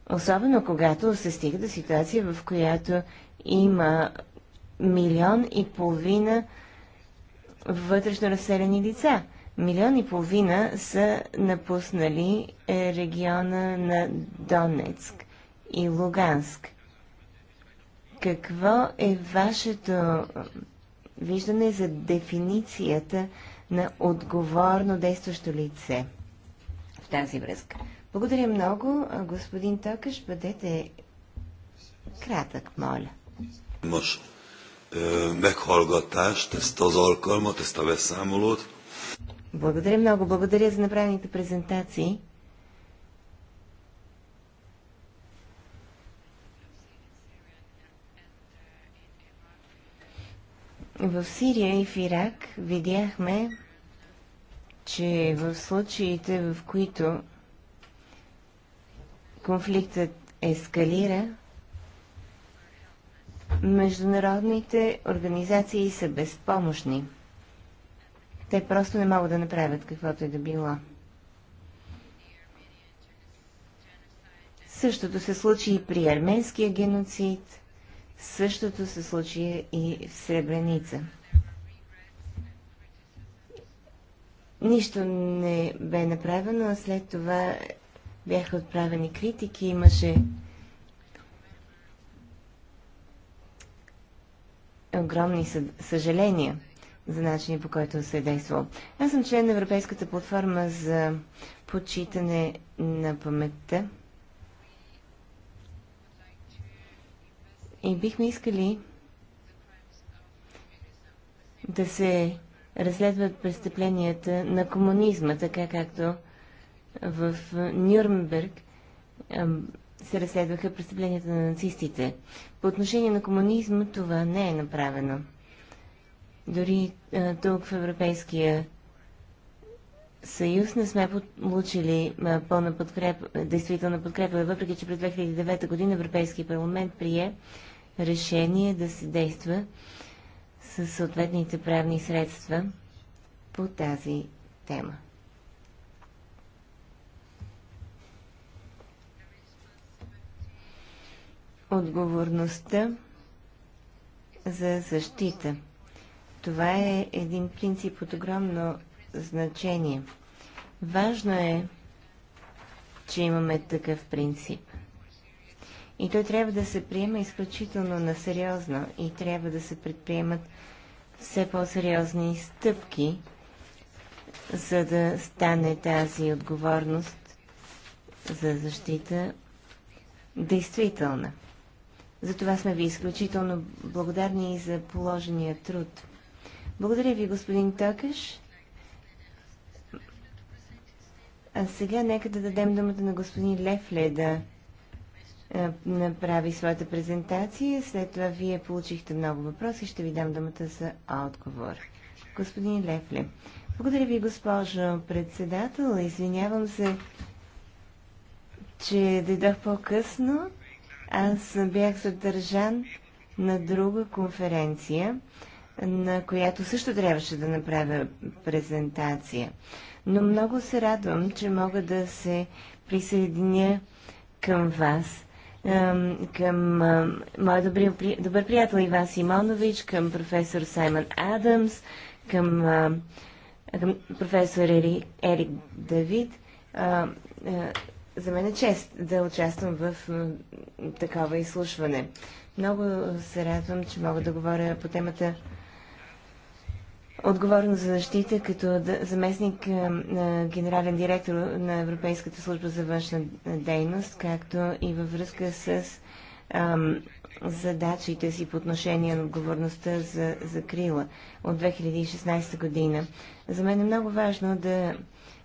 Особено когато се стига до ситуация, в която има милион и половина вътрешно разселени лица. Милион и половина са напуснали региона на Донецк и Луганск. Какво е вашето виждане за дефиницията на отговорно действащо лице в тази връзка? Благодаря много. Господин Токаш, бъдете кратък, моля. Most е, meghallgatást, ezt az alkalmat, ezt Благодаря много. Благодаря за направените презентации. В Сирия и в Ирак видяхме, че в случаите, в които конфликтът ескалира, международните организации са безпомощни. Те просто не могат да направят каквото и е да било. Същото се случи и при арменския геноцид – Същото се случи и в Сребреница. Нищо не бе направено, а след това бяха отправени критики, имаше огромни съжаления за начинът по който се е действало. Аз съм член на Европейската платформа за почитане на паметта. И бихме искали да се разследват престъпленията на комунизма, така както в Нюрнберг се разследваха престъпленията на нацистите. По отношение на комунизма това не е направено. Дори тук в Европейския съюз не сме получили пълна подкрепа, действителна подкрепа, въпреки че през 2009 година Европейския парламент прие решение да се действа с съответните правни средства по тази тема. Отговорността за защита. Това е един принцип от огромно значение. Важно е, че имаме такъв принцип. И той трябва да се приема изключително насериозно и трябва да се предприемат все по-сериозни стъпки, за да стане тази отговорност за защита действителна. Затова сме ви изключително благодарни и за положения труд. Благодаря ви, господин Токаш. А сега нека да дадем думата на господин Лефле да е, направи своята презентация. След това вие получихте много въпроси. Ще ви дам думата за отговор. Господин Лефле. Благодаря ви, госпожо председател. Извинявам се, че дойдох по-късно. Аз бях задържан на друга конференция, на която също трябваше да направя презентация. Но много се радвам, че мога да се присъединя към вас към мой добри, добър приятел Иван Симонович, към професор Саймън Адамс, към, към професор Ери, Ерик Давид. За мен е чест да участвам в такова изслушване. Много се радвам, че мога да говоря по темата отговорно за защита като заместник на генерален директор на Европейската служба за външна дейност, както и във връзка с ам, задачите си по отношение на отговорността за закрила от 2016 година. За мен е много важно да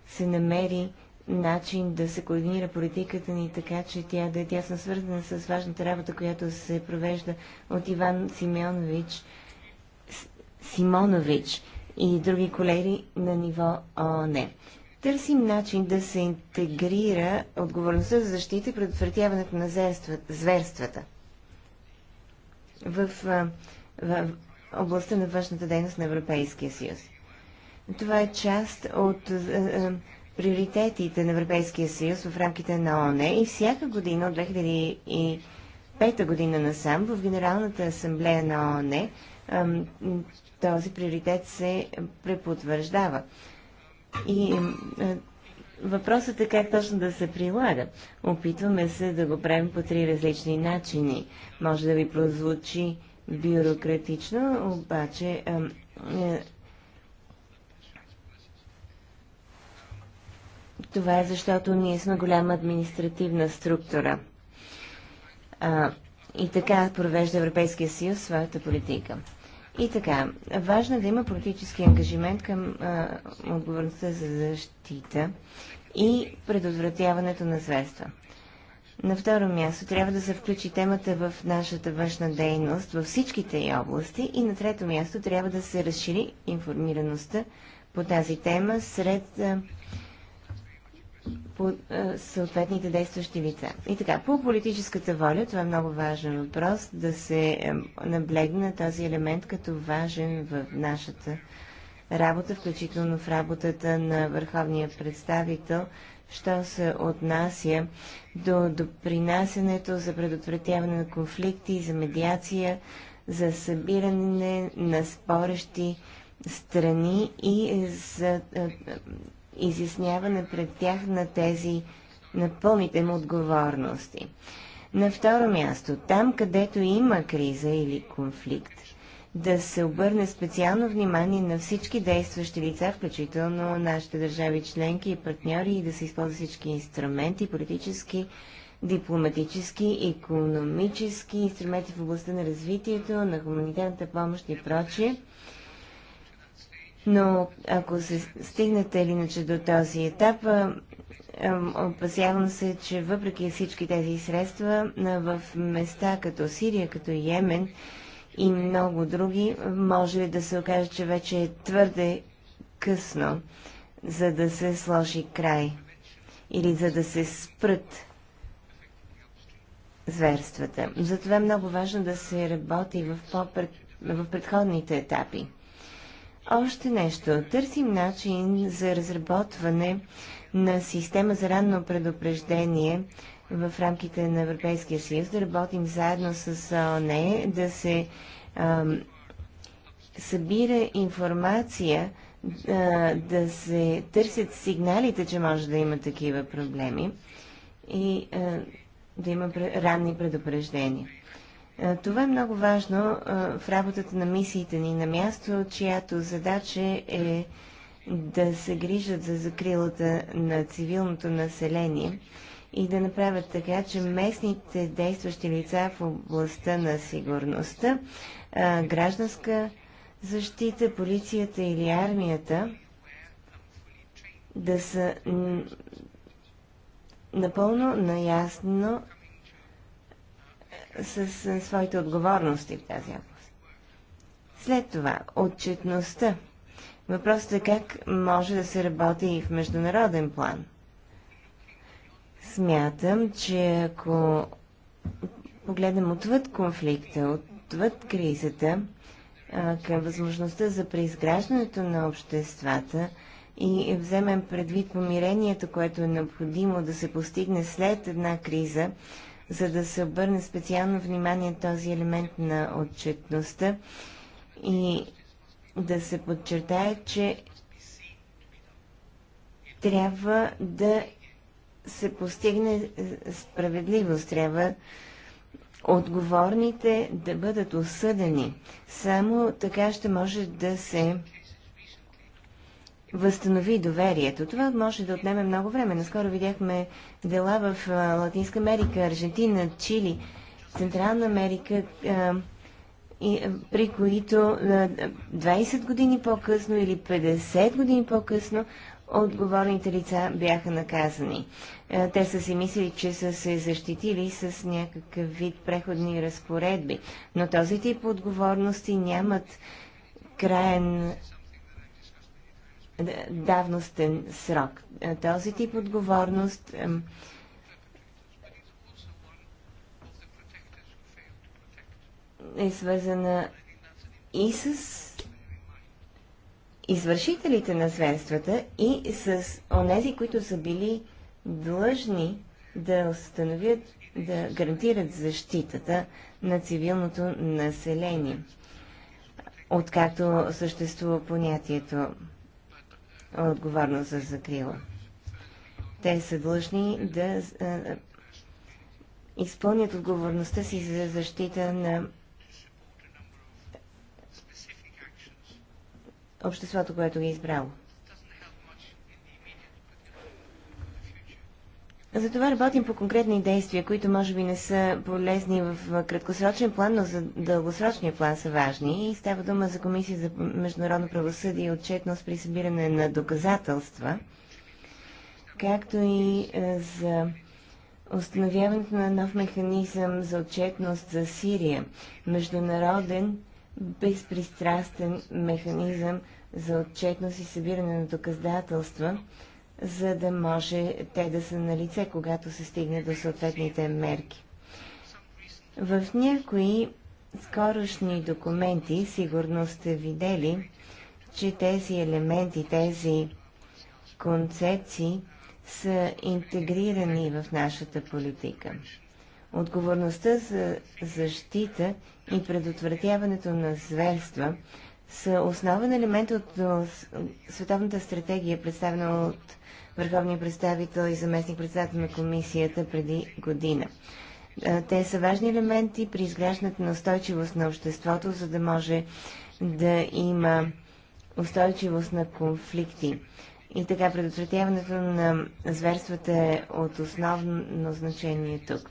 се намери начин да се координира политиката ни така, че тя да е тясно свързана с важната работа, която се провежда от Иван Симеонович – Симонович и други колеги на ниво ООН. Търсим начин да се интегрира отговорността за защита и предотвратяването на зверствата в, в, в областта на външната дейност на Европейския съюз. Това е част от е, приоритетите на Европейския съюз в рамките на ООН и всяка година от 2005 година насам в Генералната асамблея на ООН е, този приоритет се препотвърждава. И е, въпросът е как точно да се прилага. Опитваме се да го правим по три различни начини. Може да ви прозвучи бюрократично, обаче е, е, това е защото ние сме голяма административна структура. А, и така провежда Европейския съюз своята политика. И така, важно е да има политически ангажимент към а, отговорността за защита и предотвратяването на средства. На второ място трябва да се включи темата в нашата външна дейност във всичките й области и на трето място трябва да се разшири информираността по тази тема сред а, по е, съответните действащи лица. И така, по политическата воля, това е много важен въпрос, да се е, наблегна този елемент като важен в нашата работа, включително в работата на върховния представител, що се отнася до допринасянето за предотвратяване на конфликти, за медиация, за събиране на спорещи страни и за е, изясняване пред тях на тези, на пълните му отговорности. На второ място, там където има криза или конфликт, да се обърне специално внимание на всички действащи лица, включително нашите държави членки и партньори, и да се използва всички инструменти, политически, дипломатически, економически, инструменти в областта на развитието, на хуманитарната помощ и прочие, но ако се стигнете или иначе до този етап, опасявам се, че въпреки всички тези средства в места като Сирия, като Йемен и много други, може да се окаже, че вече е твърде късно, за да се сложи край или за да се спрат зверствата. Затова е много важно да се работи в, по в предходните етапи. Още нещо. Търсим начин за разработване на система за ранно предупреждение в рамките на Европейския съюз, да работим заедно с ОНЕ, да се а, събира информация, да, да се търсят сигналите, че може да има такива проблеми и а, да има ранни предупреждения. Е, това е много важно е, в работата на мисиите ни на място, чиято задача е да се грижат за закрилата на цивилното население и да направят така, че местните действащи лица в областта на сигурността, е, гражданска защита, полицията или армията да са напълно наясно с, с своите отговорности в тази област. След това, отчетността. Въпросът е как може да се работи и в международен план. Смятам, че ако погледнем отвъд конфликта, отвъд кризата, към възможността за преизграждането на обществата и вземем предвид помирението, което е необходимо да се постигне след една криза, за да се обърне специално внимание този елемент на отчетността и да се подчертае, че трябва да се постигне справедливост, трябва отговорните да бъдат осъдени. Само така ще може да се възстанови доверието. Това може да отнеме много време. Наскоро видяхме дела в Латинска Америка, Аржентина, Чили, Централна Америка, при които 20 години по-късно или 50 години по-късно отговорните лица бяха наказани. Те са си мислили, че са се защитили с някакъв вид преходни разпоредби, но този тип отговорности нямат краен давностен срок. Е, този тип отговорност е свързана и с извършителите на средствата, и с онези, които са били длъжни да установят, да гарантират защитата на цивилното население. Откакто съществува понятието отговорност за закрила. Те са длъжни да изпълнят отговорността си за защита на обществото, което ги е избрало. Затова работим по конкретни действия, които може би не са полезни в краткосрочен план, но за дългосрочния план са важни. И става дума за Комисия за международно правосъдие и отчетност при събиране на доказателства, както и е, за установяването на нов механизъм за отчетност за Сирия, международен безпристрастен механизъм за отчетност и събиране на доказателства, за да може те да са на лице, когато се стигне до съответните мерки. В някои скорошни документи сигурно сте видели, че тези елементи, тези концепции са интегрирани в нашата политика. Отговорността за защита и предотвратяването на зверства са основен елемент от световната стратегия, представена от върховния представител и заместник-председател на комисията преди година. Те са важни елементи при изграждането на устойчивост на обществото, за да може да има устойчивост на конфликти. И така предотвратяването на зверствата е от основно значение тук.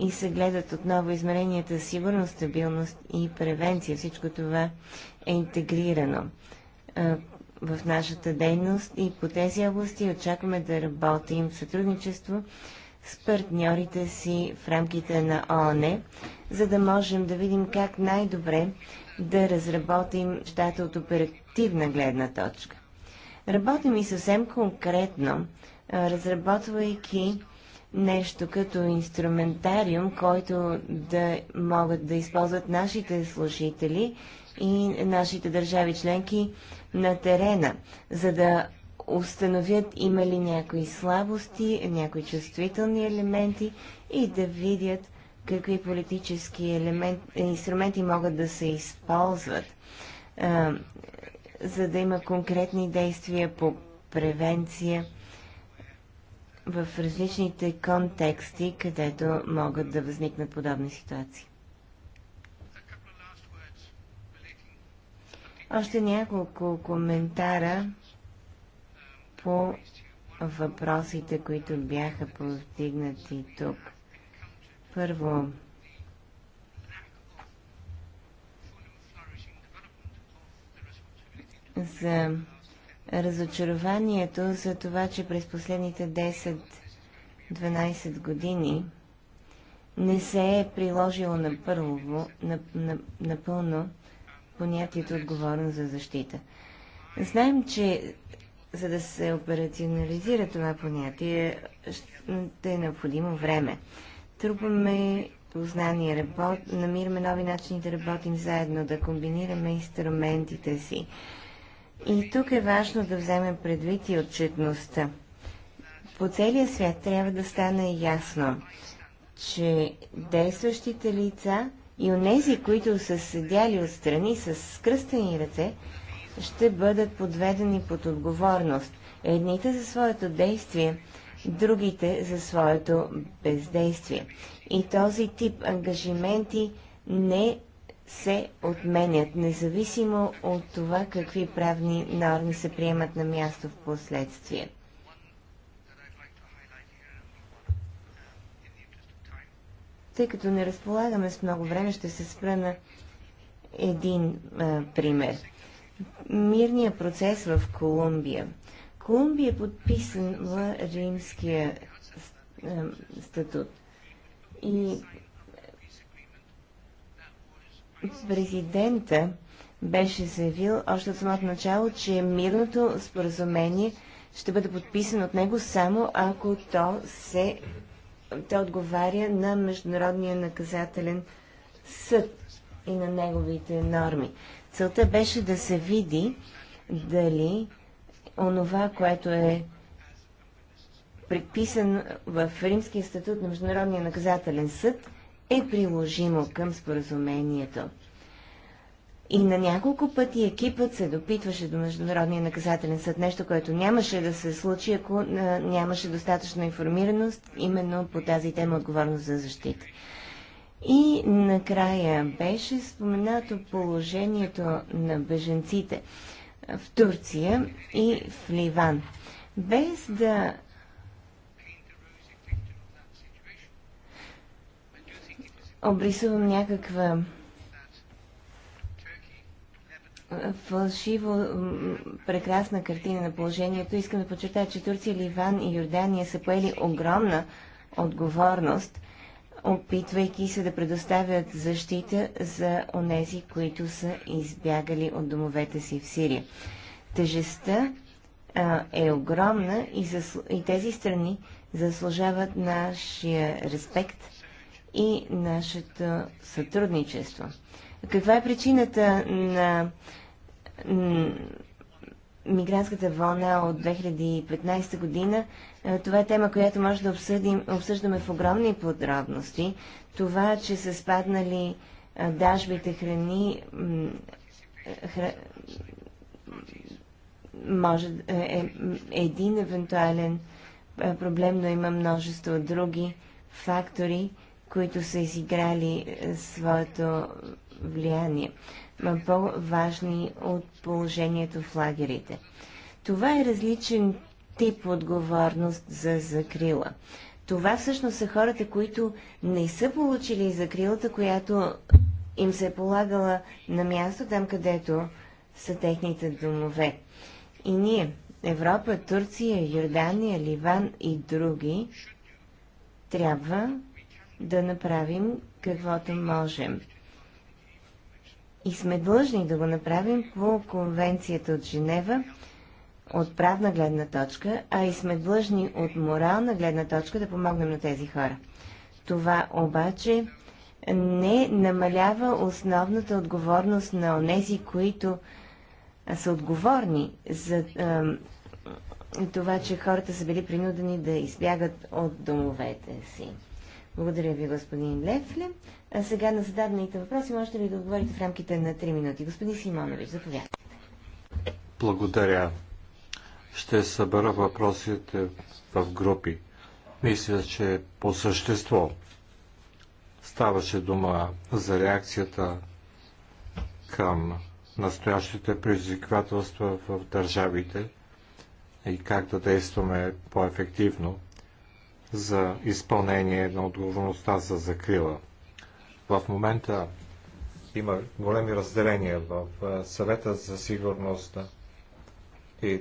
И се гледат отново измеренията сигурност, стабилност и превенция. Всичко това е интегрирано в нашата дейност и по тези области очакваме да работим в сътрудничество с партньорите си в рамките на ООН, за да можем да видим как най-добре да разработим щата от оперативна гледна точка. Работим и съвсем конкретно, разработвайки нещо като инструментариум, който да могат да използват нашите служители и нашите държави членки на терена, за да установят има ли някои слабости, някои чувствителни елементи и да видят какви политически елемент, инструменти могат да се използват, а, за да има конкретни действия по превенция в различните контексти, където могат да възникнат подобни ситуации. Още няколко коментара по въпросите, които бяха повдигнати тук. Първо, за разочарованието за това, че през последните 10-12 години не се е приложило напълно, на, на, напълно понятието отговорност за защита. Знаем, че за да се операционализира това понятие, ще е необходимо време. Трупаме познание, работ... намираме нови начини да работим заедно, да комбинираме инструментите си. И тук е важно да вземем предвид и отчетността. По целия свят трябва да стане ясно, че действащите лица – и онези, които са седяли отстрани с скръстени ръце, ще бъдат подведени под отговорност. Едните за своето действие, другите за своето бездействие. И този тип ангажименти не се отменят, независимо от това какви правни норми се приемат на място в последствие. Тъй като не разполагаме с много време, ще се спра на един а, пример. Мирния процес в Колумбия. Колумбия е подписан в римския а, статут. И президента беше заявил още от самото начало, че мирното споразумение ще бъде подписано от него само ако то се той отговаря на Международния наказателен съд и на неговите норми. Целта беше да се види дали онова, което е предписан в Римския статут на Международния наказателен съд, е приложимо към споразумението. И на няколко пъти екипът се допитваше до Международния наказателен съд, нещо, което нямаше да се случи, ако нямаше достатъчно информираност именно по тази тема отговорност за защита. И накрая беше споменато положението на беженците в Турция и в Ливан. Без да обрисувам някаква фалшиво прекрасна картина на положението. Искам да подчертая, че Турция, Ливан и Йордания са поели огромна отговорност, опитвайки се да предоставят защита за онези, които са избягали от домовете си в Сирия. Тежестта а, е огромна и, засл... и тези страни заслужават нашия респект и нашето сътрудничество. Каква е причината на мигрантската вълна от 2015 година? Е, това е тема, която може да обсъдим, обсъждаме в огромни подробности. Това, че са спаднали е, дажбите храни, хра... може е, е един евентуален проблем, но има множество други фактори, които са изиграли своето влияние, по-важни от положението в лагерите. Това е различен тип отговорност за закрила. Това всъщност са хората, които не са получили закрилата, която им се е полагала на място, там където са техните домове. И ние, Европа, Турция, Йордания, Ливан и други, трябва да направим каквото можем и сме длъжни да го направим по конвенцията от Женева от правна гледна точка, а и сме длъжни от морална гледна точка да помогнем на тези хора. Това обаче не намалява основната отговорност на онези, които са отговорни за е, това, че хората са били принудени да избягат от домовете си. Благодаря ви, господин Лефле. А сега на зададените въпроси можете ли да отговорите в рамките на 3 минути. Господин Симонович, заповядайте. Благодаря. Ще събера въпросите в групи. Мисля, че по същество ставаше дума за реакцията към настоящите предизвикателства в държавите и как да действаме по-ефективно за изпълнение на отговорността за закрила. В момента има големи разделения в съвета за сигурност и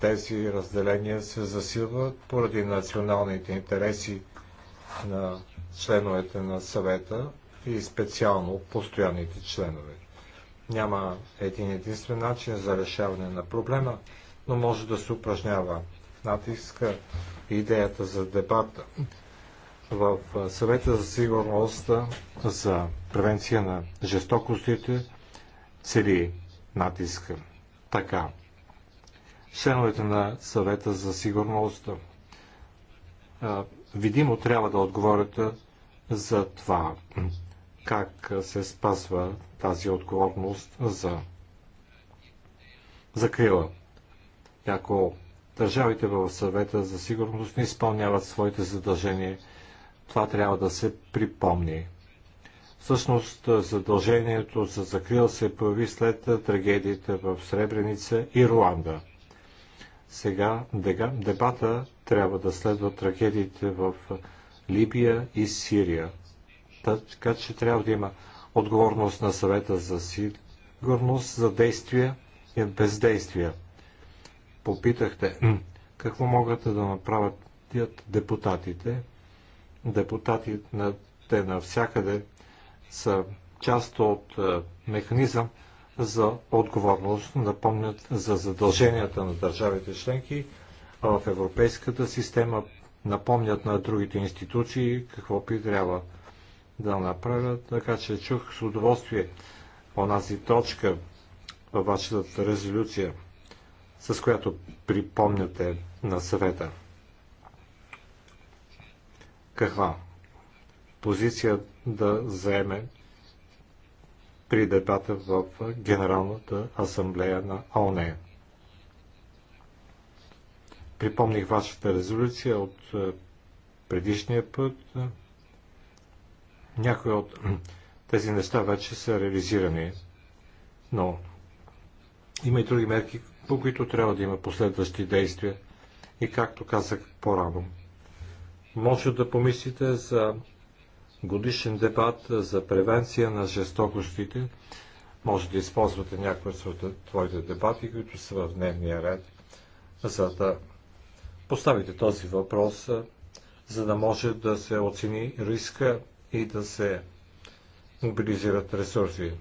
тези разделения се засилват поради националните интереси на членовете на съвета и специално постоянните членове. Няма един единствен начин за решаване на проблема, но може да се упражнява натиска идеята за дебата в съвета за сигурност за превенция на жестокостите цели натиска. Така, членовете на съвета за сигурност видимо трябва да отговорят за това как се спазва тази отговорност за закрила. ако Държавите в съвета за сигурност не изпълняват своите задължения. Това трябва да се припомни. Всъщност задължението за закрила се появи след трагедиите в Сребреница и Руанда. Сега дебата трябва да следва трагедиите в Либия и Сирия. Така че трябва да има отговорност на съвета за сигурност, за действия и бездействия попитахте какво могат да направят депутатите. Депутатите навсякъде са част от е, механизъм за отговорност, напомнят за задълженията на държавите членки, а в европейската система напомнят на другите институции какво би трябва да направят. Така че чух с удоволствие онази точка във вашата резолюция – с която припомняте на съвета. Каква позиция да заеме при дебата в Генералната асамблея на ОНЕ? Припомних вашата резолюция от е, предишния път. Някои от тези неща вече са реализирани, но има и други мерки, по които трябва да има последващи действия. И както казах по-рано, може да помислите за годишен дебат за превенция на жестокостите. Може да използвате някои от твоите дебати, които са в дневния ред, за да поставите този въпрос, за да може да се оцени риска и да се мобилизират ресурси.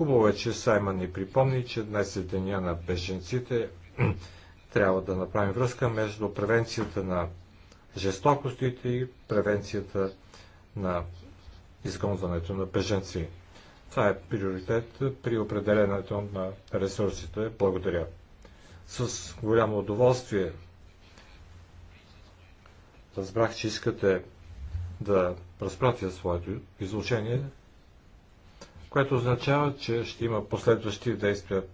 Хубаво е, че Саймън ни припомни, че днес е деня на беженците. Трябва да направим връзка между превенцията на жестокостите и превенцията на изгонването на беженци. Това е приоритет при определенето на ресурсите. Благодаря. С голямо удоволствие разбрах, че искате да разпратя своето излучение което означава, че ще има последващи действия.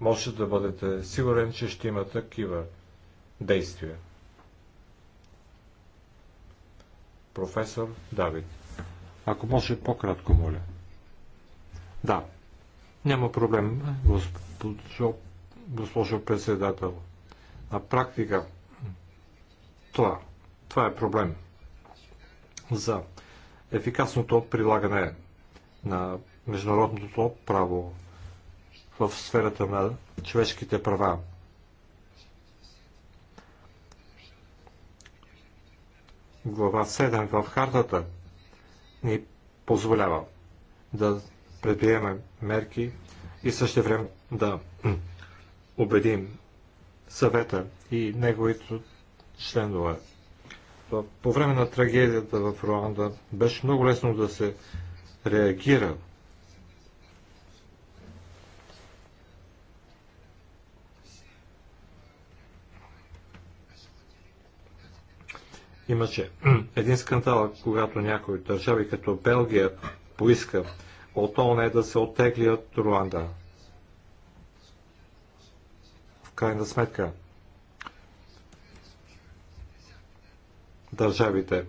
Може да бъдете сигурен, че ще има такива действия. Професор Давид. Ако може по-кратко, моля. Да. Няма проблем, госпожо, госпожо председател. На практика това, това е проблем за ефикасното прилагане на международното право в сферата на човешките права. Глава 7 в хартата ни позволява да предприемем мерки и също време да убедим съвета и неговите членове. По време на трагедията в Руанда беше много лесно да се реагира Имаше един скандал, когато някои държави като Белгия поиска от ООН да се оттегли от Руанда. В крайна сметка, държавите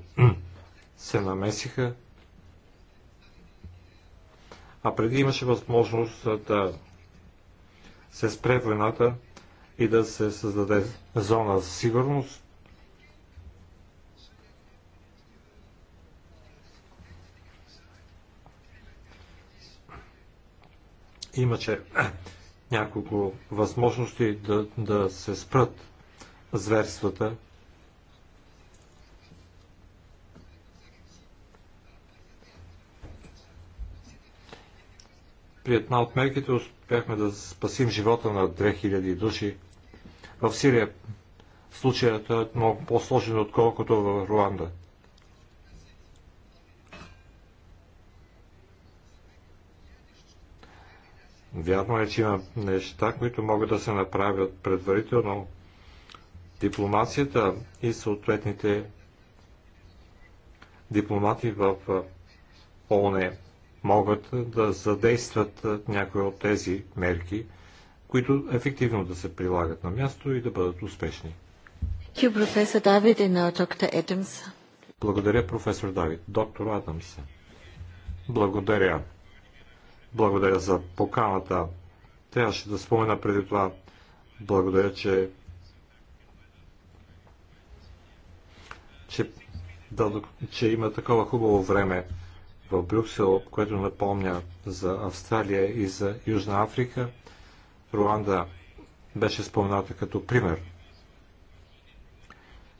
се намесиха, а преди имаше възможност да се спре войната и да се създаде зона за сигурност, Имаше няколко възможности да, да се спрат зверствата. При една от мерките успяхме да спасим живота на 2000 души. В Сирия случаят е много по-сложен, отколкото в Руанда. Вярно е, че има неща, които могат да се направят предварително. Дипломацията и съответните дипломати в ООН могат да задействат някои от тези мерки, които ефективно да се прилагат на място и да бъдат успешни. Благодаря, професор Давид. Доктор Адамс. Благодаря. Благодаря за поканата. Трябваше да спомена преди това. Благодаря, че, че, да, че има такова хубаво време в Брюксел, което напомня за Австралия и за Южна Африка. Руанда беше спомената като пример.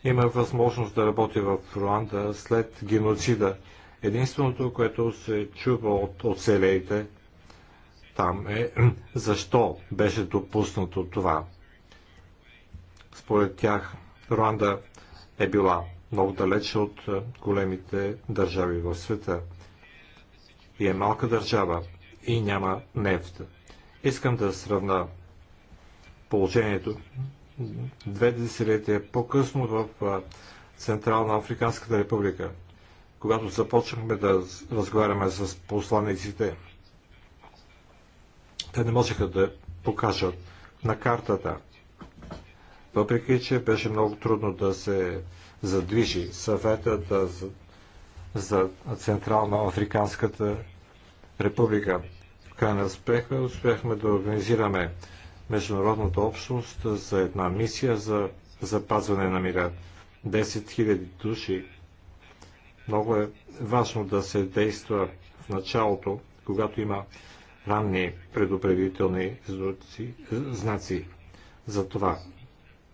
Има възможност да работи в Руанда след геноцида. Единственото, което се чува от оцелеите – там е защо беше допуснато това. Според тях Руанда е била много далече от е, големите държави в света и е малка държава и няма нефт. Искам да сравна положението две десетилетия по-късно в е, Централна Африканската република, когато започнахме да разговаряме с посланиците те не можеха да покажат на картата. Въпреки, че беше много трудно да се задвижи съветът за, за Централна Африканската република. В крайна успеха успяхме да организираме международната общност за една мисия за запазване на мира. 10 000 души. Много е важно да се действа в началото, когато има ранни предупредителни знаци. За това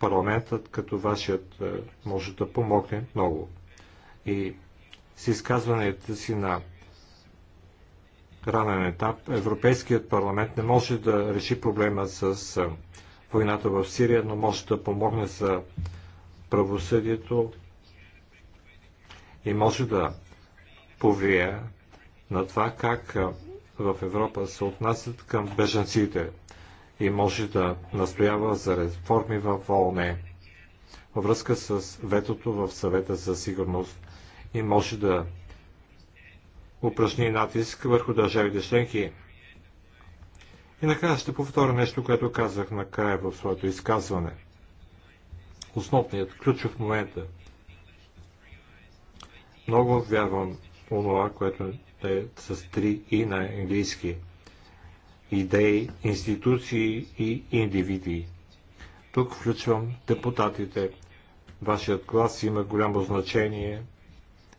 парламентът като вашият е, може да помогне много. И с изказването си на ранен етап, Европейският парламент не може да реши проблема с е, войната в Сирия, но може да помогне за правосъдието и може да повлия на това как е, в Европа се отнасят към беженците и може да настоява за реформи в ООН във връзка с ветото в съвета за сигурност и може да упражни натиск върху държавите членки. И накрая ще повторя нещо, което казах накрая в своето изказване. Основният, ключов момент е много вярвам онова, което е с три и на английски. Идеи, институции и индивиди. Тук включвам депутатите. Вашият глас има голямо значение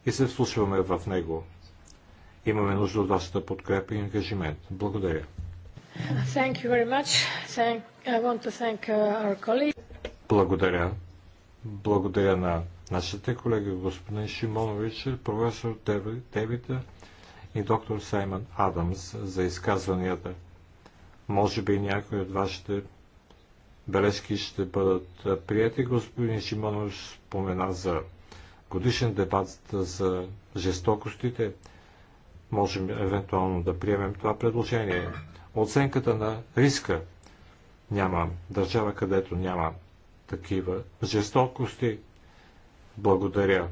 и се вслушваме в него. Имаме нужда от вашата подкрепа и ангажимент. Благодаря. Thank you very much. Thank, I want to thank uh, our Благодаря. Благодаря на нашите колеги господин Шимонович, професор Девита и доктор Саймън Адамс за изказванията. Може би някои от вашите бележки ще бъдат прияти. Господин Шимонов спомена за годишен дебат за жестокостите. Можем евентуално да приемем това предложение. Оценката на риска няма държава, където няма такива жестокости. Благодаря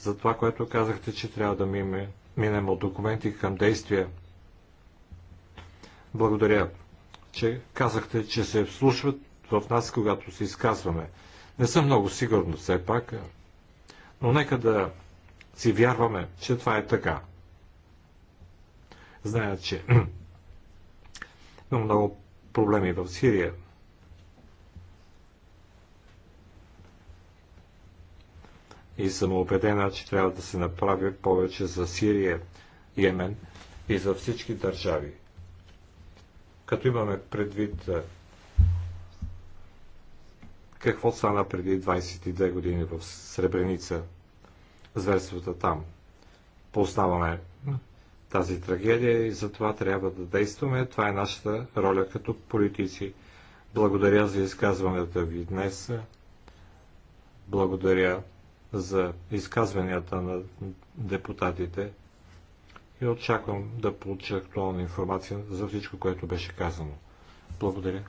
за това, което казахте, че трябва да минем от документи към действия. Благодаря, че казахте, че се вслушват в нас, когато се изказваме. Не съм много сигурно все пак, но нека да си вярваме, че това е така. Зная, че има много проблеми в Сирия, и съм убедена, че трябва да се направи повече за Сирия, Йемен и за всички държави. Като имаме предвид какво стана преди 22 години в Сребреница, зверствата там. Познаваме тази трагедия и затова трябва да действаме. Това е нашата роля като политици. Благодаря за изказването ви днес. Благодаря за изказванията на депутатите и очаквам да получа актуална информация за всичко, което беше казано. Благодаря.